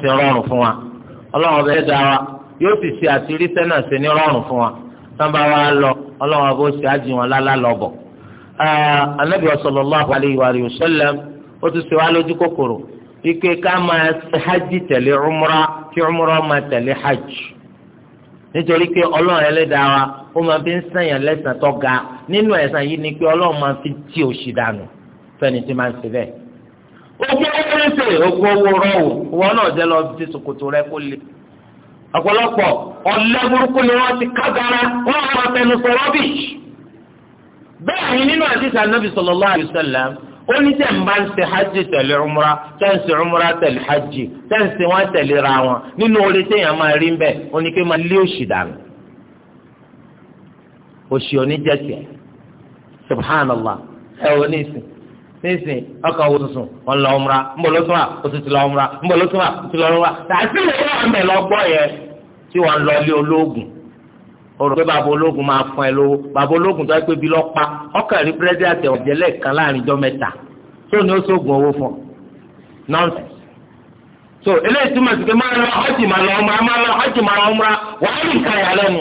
kó ọlọ́run ọbẹ̀ dá wa yóò sì ṣe àti sẹ́nà ṣe ní fún wa sábà wa lọ ọlọ́run ọbẹ̀ ó ṣe ájì wọn lálá anabi sallallahu alayhi wa sallam ó ṣe wá lójú kòkòrò ike ká máa ṣe hajj tẹ̀lé kí máa tẹ̀lé hajj nítorí pé ọlọ́run wa ó máa fi ń lẹ́sàn tó ga nínú ẹ̀sán yìí ni pé ọlọ́run máa fi tí òṣì dànù fẹ́ni tí ogun ẹsẹ ogun owó rọrùn wọn náà jẹ lọ fi ṣòkòtò rẹ kó le ọ̀pọ̀lọpọ̀ ọ̀lẹ burúkú ni wọ́n ti kágara wọ́n á máa tẹnu sọ rọ́bìṣì bẹ́ẹ̀ ni nínú àdìsí anábì sallallahu alaihi wasallam ó ní tẹ̀ ń bá ń ṣe hajj tẹ̀lé umra tẹ̀ ń ṣe umra tẹ̀lé hajj tẹ̀ ń ṣe wọ́n tẹ̀lé ra wọn nínú orí téèyàn máa rí bẹ́ẹ̀ ó ní kí máa lé òṣì dànù òṣì oníjẹ̀kẹ̀ subhanallah ẹ̀ wọ́n ní ìsìn nísìn ọkọ wo tuntun wọn lọ ọmọra ńbọlọsọra oṣù tí lọ ọmọra ńbọlọsọra oṣù lọ ọmọra tàbí lẹ́yìn àmì lọ́gbọ́ tí lọ fún ẹ lówó bàbá ológun tó ẹ pé bí lọ pa rí láàrin so eléyìí túmọ̀ sí pé máa lọ ọjì máa lọ máa lọ ọjì máa lọ wàá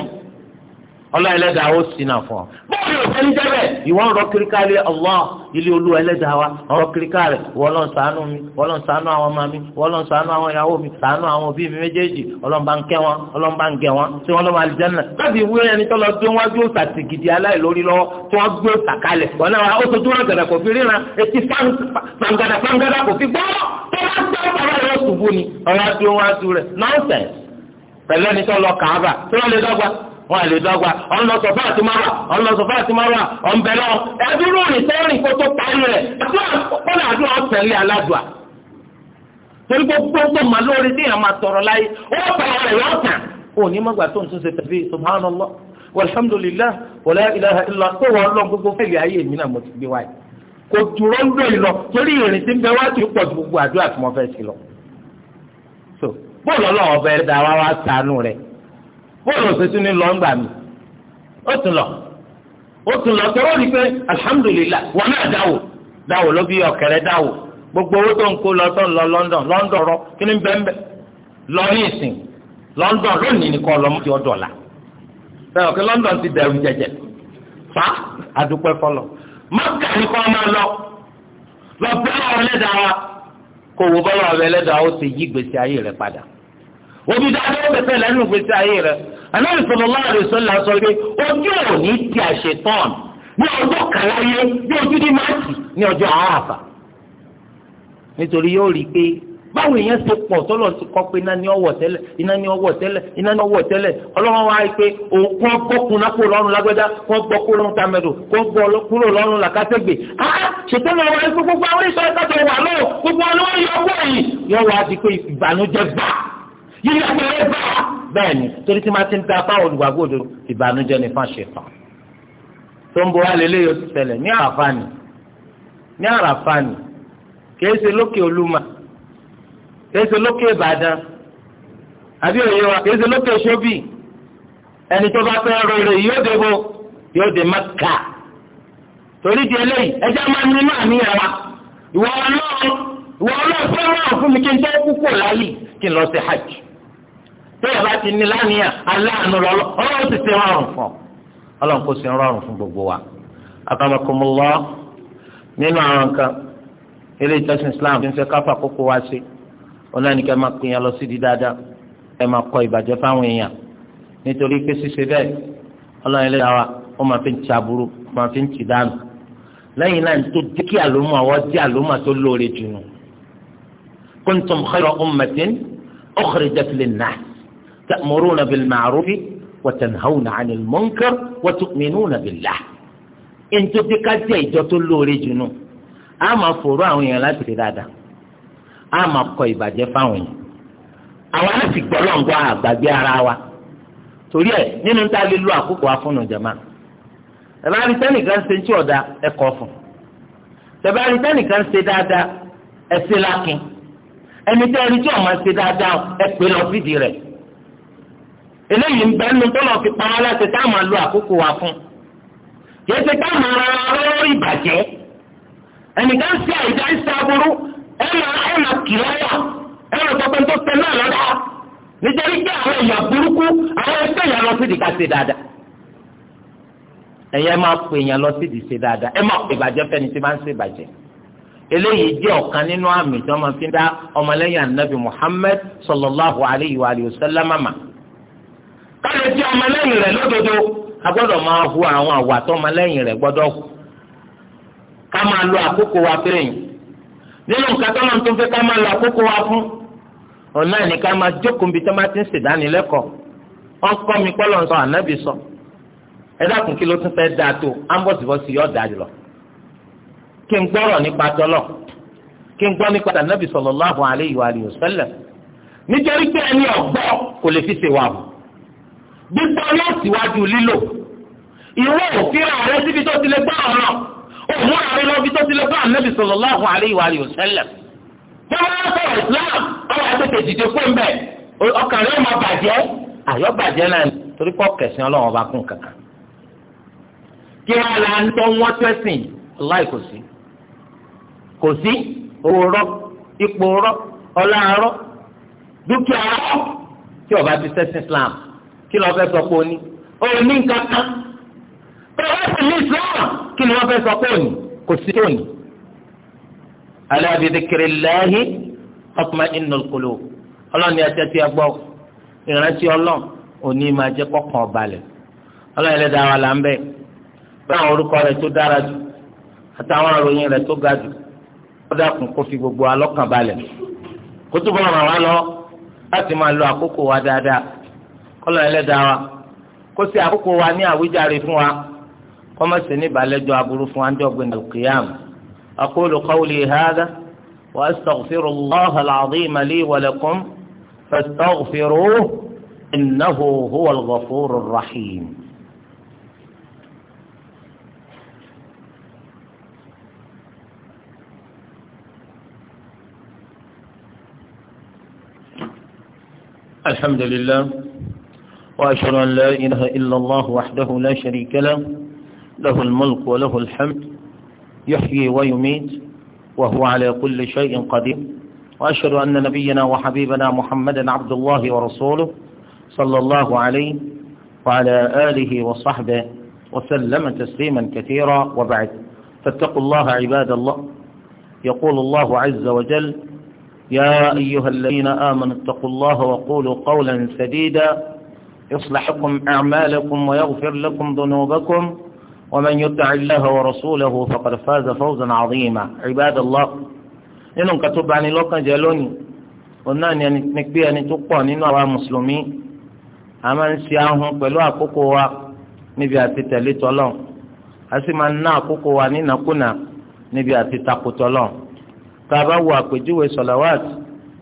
ọlọ́run ẹlẹ́dàá ó sì náà fún ọ. bọ́ọ̀lù òṣèlú jẹ́bẹ̀ ìwọ ń rọ kíríkàlẹ̀ Allah ilé olúwa ẹlẹ́dàá wa ọ̀rọ̀ kíríkàlẹ̀ wọ́n lọ́n ṣàánú mi wọ́n lọ́n ṣàánú àwọn ọmọ mi wọ́n lọ́n ṣàánú àwọn ìyàwó mi ṣàánú àwọn òbí mi méjèèjì ọlọ́run bá ń kẹ́ wọn ọlọ́run bá ń gẹ̀ wọn tí wọ́n lọ́ máa jẹ́ náà. káàbì ìwé ẹni tó lọ gbé wọn gbé òòsà ti gidi aláìlórí lọ́wọ́ tí wọ́n gbé òòsà kalẹ̀ wọn náà ó sojú wọn gàdà kò fi ríran etí fangada fangada ni ọ̀rọ̀ adúlọ́wọ́ adúlọ́ rẹ̀ nọ́ọ̀sẹ̀ wọn àlè dọ́gba ọ̀n lọ sọ̀fà àti mara ọ̀n lọ sọ̀fà àti mara ọ̀n bẹ̀ lọ ẹ̀dúró rìn sẹ́rìn kó tó parí rẹ̀ kọ́nà àdúrà ọ̀tẹ̀lẹ̀ aládùá torí gbogbo tó mà lórí déèyàn máa tọrọ láyé ó bàa rẹ̀ lọ́tàn òní mọ́gbà tó ń tún ṣe tẹ̀lé subhanallah walhamdulillah wala ilaha illa tó wọ́n lọ gbogbo fẹ́lẹ̀ ayé mi náà mo ti gbé wáyé kò dúró ń lò lọ torí ìrìn tí ń bẹ wá ti pọ̀ ju gbogbo àdúrà tí mo fẹ́ sí lọ. bóòlù ọlọ́wọ́ bẹ́ẹ̀ dá wa wá sànú rẹ̀ bóòlù òṣèṣin ní lọ ń gbà mí ó tún lọ ó tún lọ tọrọ rí pé alihamudulilayi wọn náà dáwò dáwò ló bí ọkẹrẹ dáwò gbogbo owó tó ń kó lọ tó ń lọ London London rọ kí ni bẹ́ẹ̀ lọ ní ìsìn London lónìí nìkan lọ mọ́tì ọ̀dọ̀ la bẹ́ẹ̀ ọ̀kẹ́ London ti dẹ̀rù jẹjẹ fa adúpẹ́ fọlọ mọ́tà nìkan máa lọ lọ bẹ́ẹ̀ ọ̀rẹ́ lẹ́dàá kò wò bọ́lá ọ̀rẹ́ lẹ́dàá ó ti yí gbèsè ayé rẹ̀ padà òbí dáadáa ó bẹ̀fẹ̀ lẹ́nu ìgbésí ayé rẹ̀ anábì sallallahu alaihi wasallam sọ pé ojú òní ti àṣetán ní ọjọ́ kàláyé ní ojú ní máàkì ní ọjọ́ àáfà nítorí yóò rí i pé báwo èèyàn ṣe pọ̀ tọ́lọ̀ ti kọ́ pé iná ní ọwọ́ tẹ́lẹ̀ iná ní ọwọ́ tẹ́lẹ̀ iná ní ọwọ́ tẹ́lẹ̀ ọlọ́run wá pé òun kọ́ gbọ́kùn náà kúrò lọ́rùn lágbẹ́dá kọ́ gbọ́ kúrò lọ́rùn tamẹ́dò kọ́ gbọ́ kúrò lọ́rùn làkàtẹ́gbè áá ṣètò lọ wọlé gbogbo àwọn ìṣọ́ ìtọ́jú wà lọ́wọ́ gbogbo àwọn yọ ọwọ́ yìí yọ yíyá pẹ̀lẹ́ bá bẹ́ẹ̀ ni torí tí máa ti ń ta fáwọn olùgbàgbọ́ òdodo ìbànújẹ́ ni fún àṣetàn tó ń bo alẹ́ lé yóò ti ṣẹlẹ̀ ní àràfà ni ní àràfà ni kìí ṣe lókè olúmọ kìí ṣe lókè ìbàdàn àbí òye wa kìí ṣe lókè ṣóbì ẹni tó bá fẹ́ rere yóò dé bo yóò dé Mẹ́kà torí di eléyìí ẹjẹ́ máa ní inú àníyàn wa ìwọ ọlọ́run ìwọ ọlọ́run fẹ́ràn fún mi kí n tó kúkú láyé kí n lọ sí hajj bẹ́ẹ̀ bá ti ní lánìyàn aláàánú lọ́lọ́ ọlọ́run ti ṣe rọrùn fún ọ ọlọ́run kò ṣe rọrùn fún gbogbo wa. akamakumulọ nínú àwọn nǹkan ilé ìjọsìn islam ti ń fẹ́ káfà kókó wá sí onáníkẹ́ máa pín yẹn lọ sí di dáadáa ẹ máa kọ ìbàjẹ́ fáwọn èèyàn nítorí pé ṣíṣe bẹ́ẹ̀ ọlọ́run ilé dáwà ó máa fi ń ti aburú máa fi ń ti dànù lẹ́yìn náà tó tó lóore تأمرون بالمعروف وتنهون عن المنكر وتؤمنون بالله انتو bí ká jẹ́ ìjọ tó lóore jù nù á máa fòrò àwọn èèyàn láti rí dáadáa á máa kọ ìbàjẹ́ fáwọn èèyàn àwọn láti gbọ́lọ́ngbọ́ àgbàgbé ara wa torí ẹ̀ nínú tá a lè lo àkókò wa fún ìjọba tẹ̀bárí tẹ́nìkan ṣe tí ọ̀dà ẹ̀kọ́ fún tẹ̀bárí tẹ́nìkan ṣe dáadáa ẹ̀ṣẹ̀ lákin ẹni tẹ́ni tí ọ̀ máa ṣe dáadáa ẹ̀pẹ́ lọ sídìí rẹ̀ eléyìí ń bẹ nínú tọ́lọ̀ fi pa wọn láti tá máa lo àkókò wa fún kì ṣe ká máa ra ìbàjẹ́ ẹnìkan àìjá ìṣàbùrú tó tẹ náà nítorí pé àwọn burúkú àwọn ẹgbẹ́ lọ ṣe dáadáa ẹ̀yẹ́ máa pè yàn lọ dáadáa ẹ máa pè bàjẹ́ fẹ́ni tí máa ń ṣe bàjẹ́ eléyìí alayhi wa sallam kálẹ̀ tí ọmọlẹ́yìn rẹ̀ lódodo a máa hu àwọn àwà tó ọmọlẹ́yìn rẹ̀ gbọ́dọ̀ hù ká máa lo àkókò wa fẹ́yìn nínú nǹkan tó máa ń tún fẹ́ ká máa lo àkókò wa fún òun náà máa jókòó níbi tó máa ti ń ṣèdánilẹ́kọ̀ọ́ wọ́n kọ́ mi pọ́ lọ́nà sọ ànábì sọ ẹ dákun kí ló tún fẹ́ dáa tó yọ̀ dáa kí n gbọ́rọ̀ gbígbọ́ yóò síwájú lílò ìwọ òfin ààrẹ síbi tó ti lè gbọ́ ọ̀rọ̀ òun ààrẹ lọ́bi tó ti lè gbọ́ ànábì sallallahu alaihi wa alihi wasallam tó wọ́n sọ̀rọ̀ islam ọ̀rọ̀ àtẹ̀tẹ̀ dìde fún bẹ̀ ọkàn rẹ̀ máa bàjẹ́ àyọ́ bàjẹ́ náà torí pọ̀ kẹsàn-án ọlọ́run ọba kún kankan kí wọ́n la ń tọ́ wọ́n tẹ́sìn láì kò sí kò sí owó rọ ipò rọ ọlá rọ dúkìá rọ tí ọba ti sẹ́sìn islam kí ni wọ́n fẹ́ sọ pé ó ní ó kankan pé ní islam kí ni wọ́n fẹ́ sọ pé ó ní kò sí tó ní. ala bi dhikrillahi tatma'innul qulub ọlọ́ni ẹ̀tẹ́ tí a gbọ́ ìrántí ọlọ́n òní máa jẹ́ kọ́kàn balẹ̀ ọlọ́ni ẹlẹ́dàá wa là ń bẹ̀ àwọn orúkọ rẹ̀ tó dára jù àtàwọn àròyìn rẹ̀ tó ga jù ó dákun kó fi gbogbo alọ́kàn balẹ̀ kó túbọ̀ ràn wá lọ láti máa lo àkókò wa dáadáa. kọ́lọ̀ ẹlẹ́dàá wa kó sì àkókò wa ní àwíjàre fún wa kó má sì ní balẹjọ aburú fún wa ń dọ̀gbìn ní alqiyam akólo kọwulì hàdà wa astaghfirullaha al-azim li wa lakum fastaghfiruhu innahu huwal ghafurur rahim. الحمد لله وأشهد أن لا إله إلا الله وحده لا شريك له له الملك وله الحمد يحيي ويميت وهو على كل شيء قدير وأشهد أن نبينا وحبيبنا محمدا عبد الله ورسوله صلى الله عليه وعلى آله وصحبه وسلم تسليما كثيرا وبعد فاتقوا الله عباد الله يقول الله عز وجل يا أيها الذين آمنوا اتقوا الله وقولوا قولا سديدا يصلح لكم أعمالكم ويغفر لكم ذنوبكم ومن يطع الله ورسوله فقد فاز فوزا عظيما عباد الله nínú nǹkan tó bani lọ́kàn jẹ́ lónìí òun náà ni ẹni pé ẹni tó pọ̀ nínú àwa mùsùlùmí a máa ń ṣe ahun pẹ̀lú àkókò wa níbi àti tẹ̀lé tọ́lọ̀ a sì máa ń ná àkókò wa nínàkúnà níbi àti takò tọ́lọ̀ tá a bá wo àpèjúwe sọ̀làwàt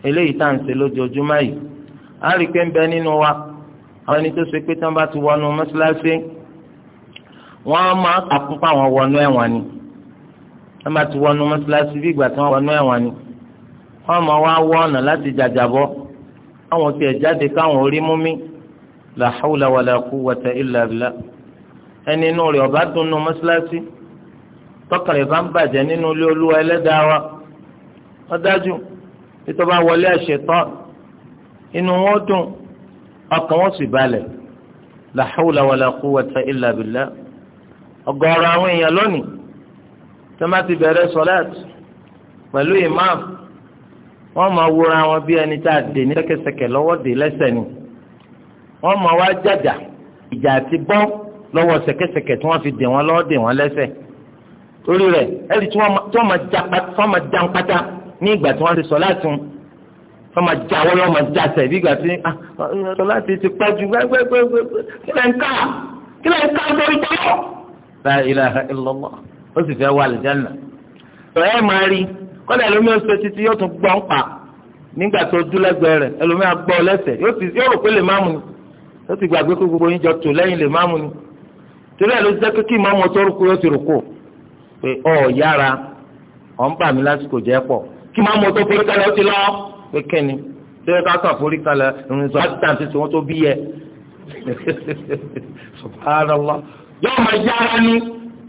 eléyìí tá à ń ṣe lójoojúmọ́ yìí a rí i pé ń bẹ nínú wa àwọn ẹni tó ṣe pé tí wọ́n bá ti wọnú mọ́ṣáláṣí wọ́n á máa àkúpà wọn wọnú ẹ̀wọ̀n ni wọ́n bá ti wọnú mọ́ṣáláṣí bí ìgbà tí wọ́n wọnú ẹ̀wọ̀n ni wọ́n máa wá wọ ọ̀nà láti jàjàbọ́ àwọn tiẹ̀ jáde káwọn orí mú mi la hawla wala quwwata illa billah ẹni inú rẹ̀ ọ̀bá dunnú mọ́ṣáláṣí tọkàlẹ̀ bá ń bàjẹ́ nínú ilé olúwa ẹlẹ́dàá wa wọ́n dájú nítorí wọ́n wọlé àṣetán inú wọn dùn ọkàn wọn sì balẹ̀ la hawla wala quwwata illa billah ọ̀gọ̀ọ̀rọ̀ àwọn èèyàn lónìí tó má ti bẹ̀rẹ̀ sọláàtì pẹ̀lú imam wọ́n máa wúra wọn bí ẹni tá a dè ní ṣẹ̀kẹ̀ṣẹ̀kẹ̀ lọ́wọ́ dè lẹ́sẹ̀ ni wọ́n máa wá jàjà ìjà àti bọ́ lọ́wọ́ ṣẹ̀kẹ̀ṣẹ̀kẹ̀ tí wọ́n fi dè wọ́n lọ́wọ́ dè wọ́n lẹ́sẹ̀ torí rẹ̀ ẹni tí wọ́n máa jà pátá ní ìgbà tí wọ́n ti sọ láti wọ́n máa já wọ́n máa já sẹ̀ bí ìgbà tí ah, ọ̀rọ̀ láti ti pẹ́ ju gbẹ́gbẹ́gbẹ́ kí lẹ́ ń ká kí lẹ́ ń ká lórí tọ́lọ̀. la ilaha illallah ó sì fẹ́ wà lìjánà. ọ̀ ẹ́ máa rí kọ́dà lómi ọ̀sẹ̀ títí yóò tún gbọ́n pa nígbà tó dúlẹ́gbẹ̀ẹ́ rẹ̀ ẹlòmí àgbọ̀ lẹ́sẹ̀ yóò rò pé lè má mu ni ó ti gbàgbé kó gbogbo yín jọ tò lẹ́yìn lè má mu ni torí ẹ̀ ló jẹ́ kí màmú ọtọ́ rúkú yóò ti rúkú pé ọ̀ yára ọ̀ ń bà mí lásìkò jẹ́ pọ̀ kí màmú ọtọ́ forí kalẹ̀ pé kẹ́ni tó yẹ ká kàn forí kalẹ̀ ìrìnsọ àtàn tuntun wọn tó bí yẹ subhanallah yóò máa yára ni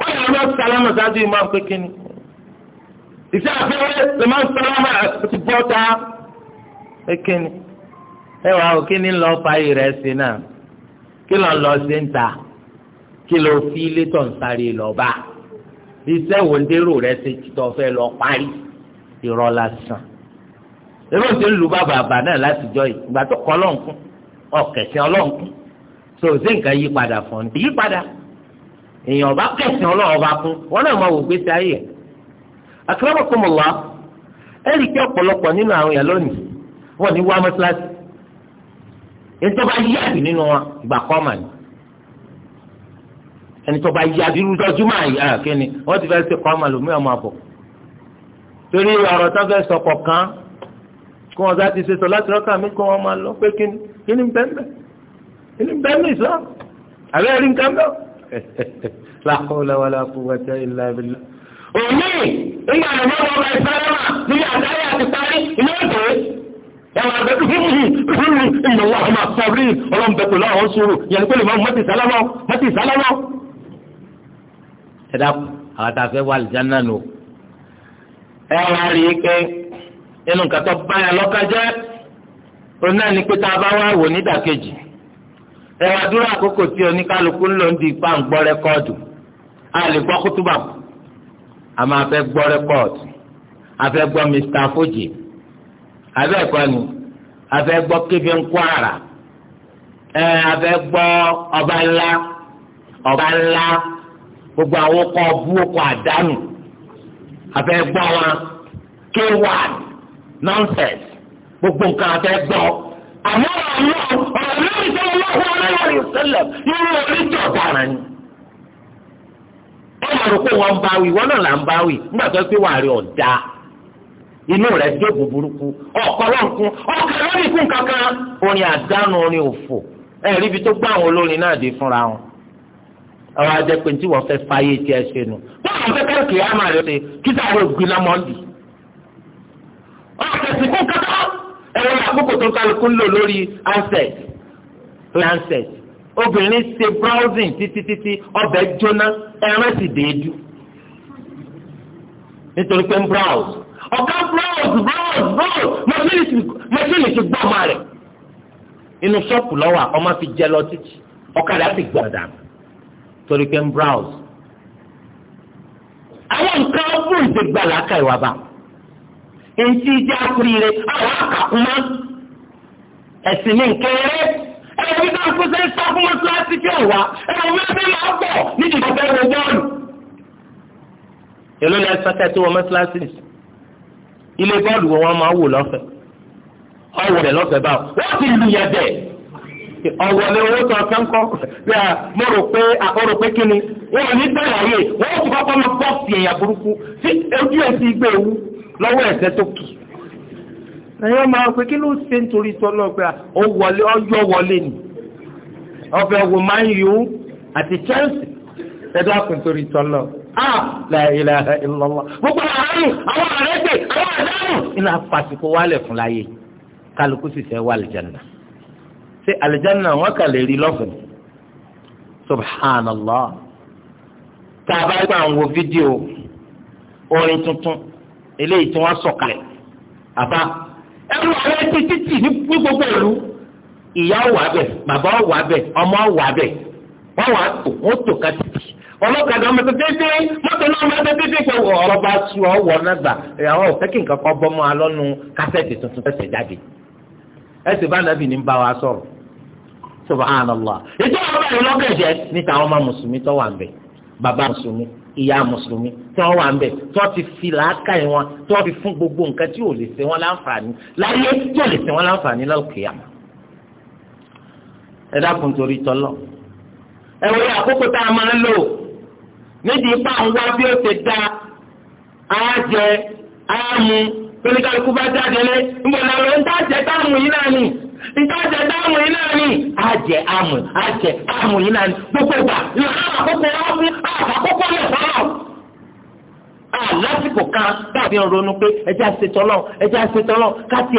ó yà lọ sálámà sáájú ìmọ̀ pé kẹ́ni ìfẹ́ àfẹ́wé lè máa sálámà ti bọ́ ta pé kẹ́ni ẹ wà ó kí ni lọ fa ìrẹsì náà kí lọ lọ sí ń ta kí lọ fi létọ̀ ń sáré lọ bá iṣẹ́ wo ń dérò rẹ ṣe tó lọ parí ìrọ̀ èrò ti ń lu bàbà àbà náà látijọ́ yìí ìgbà tó kọ́ lọ́nkún ọ̀kẹ̀sìn ọlọ́nkún tó o sì nǹkan yí padà fún ọ yí padà èèyàn bá kẹ̀sìn ọlọ́ọ̀ba kún wọn náà máa wò gbé sáyé ẹ̀ àkàràmọ̀kọ́mọ̀lá ẹ̀rì kí ọ̀pọ̀lọpọ̀ nínú àwọn èèyàn lónìí wọ́n ní wá mọ́sálásí ẹni tó bá yáàbì nínú wọn ìgbà kọ́ mà ní ẹni tó bá yáàbì rúdọ́júmọ́ àyà kẹ́ni wọ́n ti fẹ́ ṣe kọ́ mà lómi ọmọ àbọ̀ torí ọ̀rọ̀ tó fẹ́ sọ kọ̀ọ̀kan kó wọn sá ti ṣe sọ láti rọ́kà mi kó wọn máa lọ pé kí ni kí ni bẹ́ẹ̀ bẹ́ẹ̀ kí ni bẹ́ẹ̀ ní islam àbẹ́ rí nǹkan bẹ́ẹ̀ la hawla wala quwwata illa billah. òní ìgbà àdàmọ́ ọmọ ìsáyẹ́mà ní àdáyé àti parí ilé ìgbé ẹwà bẹ fúnmi ìnáwó àwọn àfọwọ́rí ọlọ́mbẹ pẹ̀lú àwọn sùúrù yẹn pẹ̀lú mọ́tì sálámọ́ mọ́tì sálámọ́. ẹ dákun àwọn àtàfẹ́ wà lìjánná nù. ẹ wá rí i pé nínú nǹkan tó báyà lọ́kàjẹ́ òun náà ní pé tá a bá wá wò nídàkejì ẹ̀rọ àdúrà àkókò tí oníkálukú ń lò ń di ipá ń gbọ́ rẹ́kọ́ọ̀dù a lè gbọ́ kútúbà a máa fẹ́ gbọ́ rẹ́kọ́ọ̀dù a fẹ́ gbọ́ Mr. Foji abẹ́ ẹ̀kọ́ ni a fẹ́ gbọ́ Kevin Kwara ẹ̀ a fẹ́ gbọ́ ọba ńlá ọba ńlá gbogbo àwọn ọkọ̀ ọbú ọkọ̀ àdánù a fẹ́ gbọ́ wọn kéwàá nonsense gbogbo nǹkan afẹ́ gbọ́ àmọ́ ọ̀nà ọ̀rọ̀ lórí sọ́wọ́ lọ́wọ́ aláwọ̀ ìṣẹ̀lẹ̀ nínú oríṣi ọ̀daràn ni. wọ́n mọ̀ pé wọ́n ń bá wí wọ́n náà là ń bá wí nígbà tó pé wàá rí ọ̀dà inú rẹ̀ dé búburúkú ọ̀pọ̀ lọ́nkún ọ̀kà lórí ikú kankan orin àdánù orin òfò ẹ̀ ríbi tó gbá àwọn olórin náà dé fúnra wọn. ọ̀rọ̀ ajẹ́pẹ̀ tí wọ́n fẹ́ fáyé tiẹ̀ ṣe nù. báwọn fẹ́ kẹ́kẹ́ ọ̀tẹ̀sìn kún kankan ẹ̀rọ àkókò tó kálukú ń lò lórí ansẹt lancet obìnrin ṣe browsing títí títí ọbẹ̀ jóná ẹran sì déédú nítorí pé ń browse ọ̀gá browse browse browse mọ́tíìnì ti gbọ́ ọmọ rẹ̀ inú ṣọ́ọ̀pù lọ́wọ́ ọmọ fi jẹ lọ títì ọ̀kadà sì gbọ́ dànù torí pé ń browse àwọn nǹkan ọ̀gbìn ti gbà láàkà ìwà báwọn ntí ìjà kúrire àwọn àkàkùmá ẹ̀sìn ní nkéré ẹ̀rọ bí ká kó sẹ́yìn sáfún mọ́tò láti fi ọ̀wá ẹ̀rọ bí wọ́n máa bọ̀ níbi ìgbàgbọ́ ẹ̀rọ bọ́ọ̀lù. èló ni ẹsẹ̀kẹ́ tí wọ́n mọ́tíláṣí nì ilé bọ́ọ̀lù wọn wọn máa wò lọ́fẹ̀ẹ́ ọwọ́ rẹ̀ lọ́fẹ̀ẹ́ báwò wọ́n ti lu yẹn bẹ́ẹ̀ ọwọ́ ni owó tó ọ̀fẹ́ ń kọ́ mo rò pé mo rò pé kí ni wọ́n ní bẹ́ẹ̀ láyé wọ́n ti lọ́wọ́ ẹ̀ṣẹ̀ tó kì ẹ̀yọ́ máa pé kí ló ṣe nítorí tọ́lọ́ pé ó wọlé ọyọ́ wọlé ni ọ̀fẹ́ wò máa ń yù ú àti Chelsea ẹ̀dá kò nítorí tọ́lọ́ ah la ilaha illallah gbogbo àárín àwọn àrẹ́gbẹ̀ àwọn àdánù iná pàṣípò wálẹ̀ fún láyé kálukú sì fẹ́ wà àlìjáná ṣé àlìjáná wọn kà lè rí lọ́fẹ̀ẹ́ subhanallah tá a bá gbà ń wo fídíò orin tuntun eléyìí tí wọ́n sọ̀kalẹ̀ àbá ẹrú ọ̀rẹ́ títí ní gbogbo ìlú ìyá wà bẹ̀ bàbá wà bẹ̀ ọmọ wà bẹ̀ wọ́n wà tó wọ́n tó ká títí ọlọ́kadà ọmọ tó dédé mọ́tò náà ọmọ tó dédé pé ọ̀rọ̀ bá su ọwọ́ náà gbà àwọn ò kí nǹkan kan bọ́ alọ́nu kásẹ̀tì tuntun tẹ̀sẹ̀ jáde ẹ̀sìn bá nàbì ní bá wa sọ̀rọ̀ subhanallah ìjọba ọlọ́kẹ̀jẹ̀ níta ọmọ mùsùlùmí tó wà ń bẹ̀ bàbá mùsùlùmí ìyá mùsùlùmí tí wọn wà ń bẹ tí wọn ti fi làákà yìí wọn tí wọn ti fún gbogbo nǹkan tí ò lè ṣe wọn láǹfààní láyé tí ò lè ṣe wọn láǹfààní lọ́kìyàmà. ẹ dákun torí tọ́lọ̀ ẹ wọlé àkókò tá a máa ń lò nídìí ipá ń wá bí ó ṣe dá á jẹ á mu pẹ̀lú kálukú bá jáde lé ń bọ̀ lọ́wọ́ ń dá jẹ táàmù yìí náà nì. níta jẹ dáàmù yìí yìí náà ni gbogbo ìgbà kan dàbí ronú pé ẹjẹ ẹjẹ káti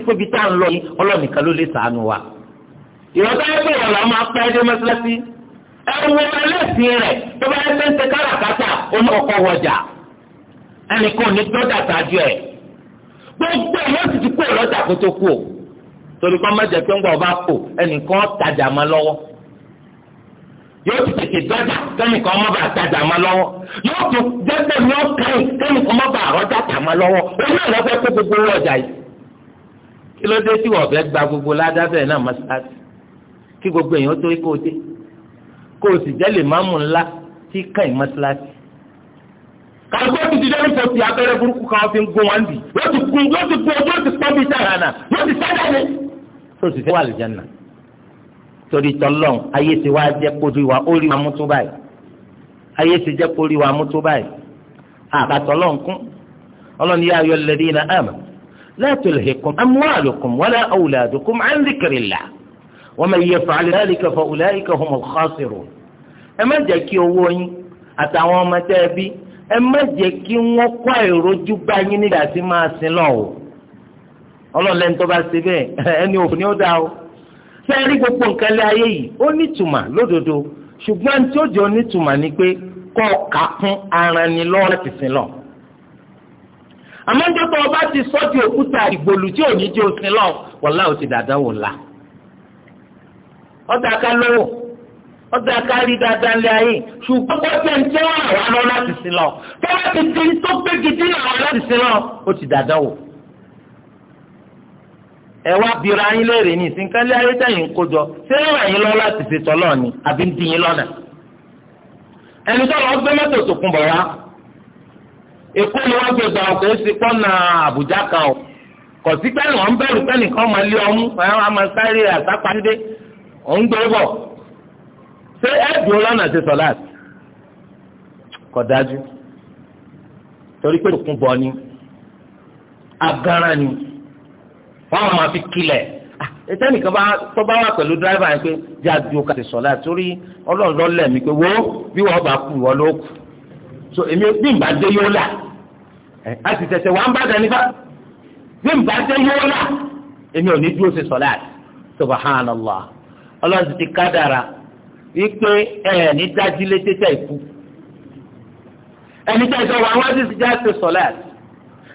pé tá à ń lọ yìí ọlọ́nìkan ló lè sàánú wa. ìrọ̀lẹ́ ìrọ̀lẹ́ ọmọ ẹlẹ́sìn rẹ̀ tó bá ṣe wọjà ẹnìkan ò ní gbọ́dọ̀ àtàjọ ẹ̀ gbogbo ẹ̀ yóò sì ti kú ọ̀lọ́jà torí kọ́ má jẹ́ pé ńgbà ọba kò ẹnìkan tajà má lọ́wọ́ yóò ti tètè dájà kẹ́nìkan má bàa tajà má lọ́wọ́ yóò tún dẹ́gbẹ́ ní ọ̀kẹ́yìn kẹ́nìkan má bàa rọ́jà tà má lọ́wọ́ oní ọ̀lọ́fẹ́ kó gbogbo ọjà yìí kí ló dé tí wọ́n fẹ́ gba gbogbo ládàbẹ̀ náà mọ́ṣáláṣí kí gbogbo èèyàn tó kó o dé kó o sì jẹ́ lè má mú ńlá tí kàn yín mọ́ṣáláṣí kàgbọ́ ti di lórí fòtì abẹ́rẹ́ burúkú kan fi ń gún wọn bì yóò ti ojú ó ti pọ́n bíi tààrà náà yóò ti sá tó sì fẹ́ wà lìjánà torí tọ́lọ́n ayé ti wá jẹ́ kó rí wa ó rí wa mú tó báyìí ayé ti jẹ́ kó rí wa mú tó báyìí àbàtọ́lọ́n kún ọlọ́ni yá ayọ̀ lẹ́dí iná àmà la tulhikum amwalukum wala awladukum an dhikrillah wa man yaf'al dhalika fa ulaika humul khasirun ẹ má jẹ́ kí owó yín àtàwọn ọmọ tẹ́ ẹ bí ẹ má jẹ́ kí wọ́n kọ́ àìrójú bá yín nígbà tí máa sin lọ́wọ́ ọlọ́lẹ́ni tó bá ṣe bẹ́ẹ̀ ẹni òfin ni ó dá o sẹ́ẹ̀rí gbogbo nǹkan lé ayé yìí ó nítumà lódodo ṣùgbọ́n tí ó jọ nítumà ni pé kọ́ ọ̀ka kún ara ni lọ́rẹ́ ti sin lọ. àmọ́ ní tó ọba ti sọ́ di òkúta ìgbòlù tí ò ní jẹ́ òsìn lọ wọ́lá ò ti dàdá wò la. ọ̀dà ká lówó ọ̀dà ká rí dáadáa lé ayé ṣùgbọ́n kó tẹ̀ ń tẹ́ wà wá lọ láti sin lọ. tọ́lá ti ti tó gbégi ẹ wá bira yín léèrè ní ìsìnkálẹ̀ ayé tẹ̀yìn kójọ ṣé ń ràn yín lọ láti ṣètò lọ́ọ̀ àbí ń dín yín lọ́nà. ẹni tó lọ gbé mọ́tò tó kún bọ̀ wá èkó ni wọn gbé gbà ọ̀kọ́ sí pọ́nà àbújá kan o kò sí pé wọ́n bẹ̀rù pé nìkan máa torí pé ni agara ni. wọ́n máa fi kílẹ̀ ah, ẹtẹnìkan bá tó bá wà pẹ̀lú dírẹ́fà yẹn pé jáde o kà ti sọ̀lá torí ọlọ́run lọ lẹ̀ mí pé wo bí wọ́n bá kú wọ́n ló kù so èmi bí n bá dé yóò là á ti tẹ̀sẹ̀ wà ń bá dání bá bí n bá dé yóò là èmi ò ní dúró ṣe sọ̀lá subhanallah ọlọ́run ti ti kádàrà wípé ẹ̀ ní dájú létí tẹ̀ ikú ẹni tẹ̀ wà wá ti já ṣe sọ̀lá àti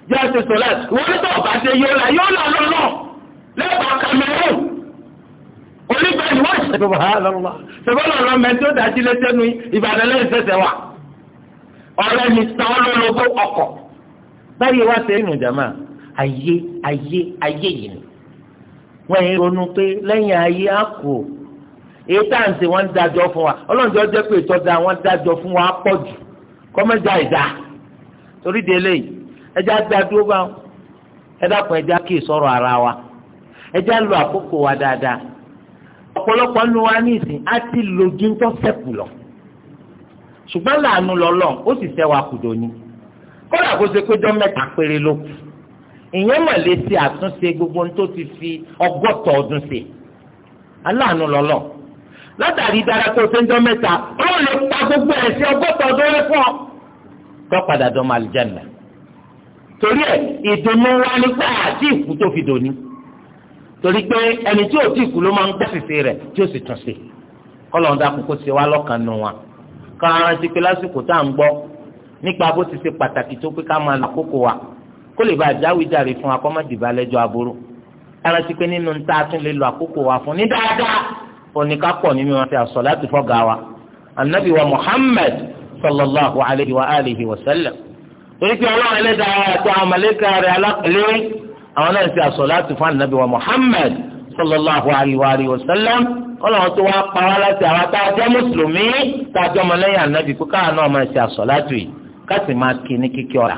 yóò ṣe sọlá wọn tó ọba ṣe yóò là yóò là lọ́nà lẹ́kọ̀ọ́ Cameroon onígbàdì wọ́n ṣe bàbá àlọ́lá ṣèbọ́n lọ́nà mẹ́tí ó dájú létẹ́nu Ìbàdàn lẹ́yìn ṣẹ̀ṣẹ̀ wà ọ̀rẹ́ mi sàn án lọ́lọ́gbó ọkọ̀ báyìí wá ṣe inú jàmá ayé ayé ayé yìí ni wọ́n yẹn ronú pé lẹ́yìn ayé á kù èyí tá à ń ṣe wọ́n ń dájọ́ fún wa ọlọ́njọ́ jẹ́ pé ìtọ́jà wọ́n dájọ́ fún wa pọ̀ jù kọ́mẹ́jà ìdá torí de eléyìí ẹjẹ adadúró bá wọn ẹdàpọ̀ ẹjẹ kì í sọ̀rọ̀ ara wa ẹjẹ lo àkókò wa dáadáa ọ̀pọ̀lọpọ̀ nu wa ní ìsìn á ti lo jíńtọ́ sẹ́kù lọ ṣùgbọ́n láàánú lọ́lọ́ ó sì fẹ́ wa kùdò ni kódà kó ṣe péjọ mẹ́ta péré ló kù ìyẹn mọ̀ lè ṣe àtúnṣe gbogbo ohun tó ti fi ọgọ́tọ̀ ọdún ṣe aláàánú lọ́lọ́ látàrí dára tó ṣe ń jọ mẹ́ta ó lè pa gbogbo ẹ̀ sí ọgọ́tọ̀ ọdún rẹ fún ọ. tọ́ padà dán mọ àlùjánnà torí ẹ ìdùnnú wa ni pé àti ìkú tó fi dòní torí pé ẹni tí ò tí ìkú ló máa ń gbọ́ sèse rẹ̀ tí ó sì tún sí kọ́lọ̀ ń dákun kó ṣe wá lọ́kàn nù wọn ká rántí pé lásìkò tá à ń gbọ́ nípa bó ti ṣe pàtàkì tó pé ká máa lọ àkókò wa kó lè bá jáwéjáre fún wa kó aburú ká rántí pé nínú ń tún lè lọ àkókò wa fún ní dáadáa oníkápọ̀ nínú wọn ti àsọ̀ láti fọ́gà wa anabi wa Muhammad sallallahu alayhi wa alihi wa sallam torí pé ọlọ́run ẹlẹ́dàá àti àwọn màlàíkà rẹ̀ alápẹ̀lẹ́ àwọn náà ti àsọ̀ láti fún ànábì wa Muhammad sallallahu alayhi wa sallam ọlọ́run tó wá pa wá láti àwọn tá mùsùlùmí tá a jẹ́ kó káwọn náà máa ṣe àsọ̀ láti yìí ká sì máa kí ní kíkí ọ̀rà.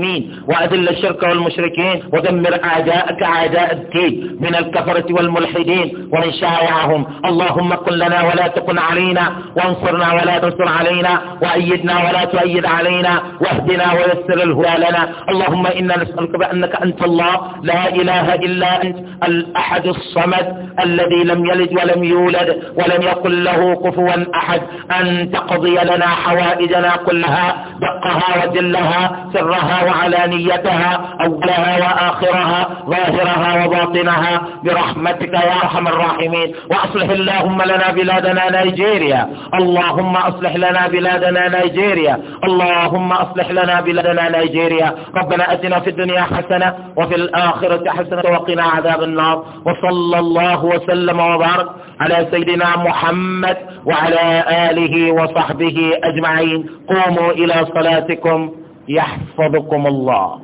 المسلمين وأذل الشرك والمشركين ودمر أعداءك أعداء الدين من الكفرة والملحدين ومن شايعهم اللهم كن لنا ولا تكن علينا وانصرنا ولا تنصر علينا وأيدنا ولا تؤيد علينا واهدنا ويسر الهدى لنا اللهم إنا نسألك بأنك أنت الله لا إله إلا أنت الأحد الصمد الذي لم يلد ولم يولد ولم يكن له كفوا أحد أن تقضي لنا حوائجنا كلها دقها وجلها سرها وعلانيتها أولها وآخرها ظاهرها وباطنها برحمتك يا أرحم الراحمين وأصلح اللهم لنا بلادنا نيجيريا اللهم أصلح لنا بلادنا نيجيريا اللهم أصلح لنا بلادنا نيجيريا ربنا أتنا في الدنيا حسنة وفي الآخرة حسنة وقنا عذاب النار وصلى الله وسلم وبارك على سيدنا محمد وعلى آله وصحبه أجمعين قوموا إلى صلاتكم يحفظكم الله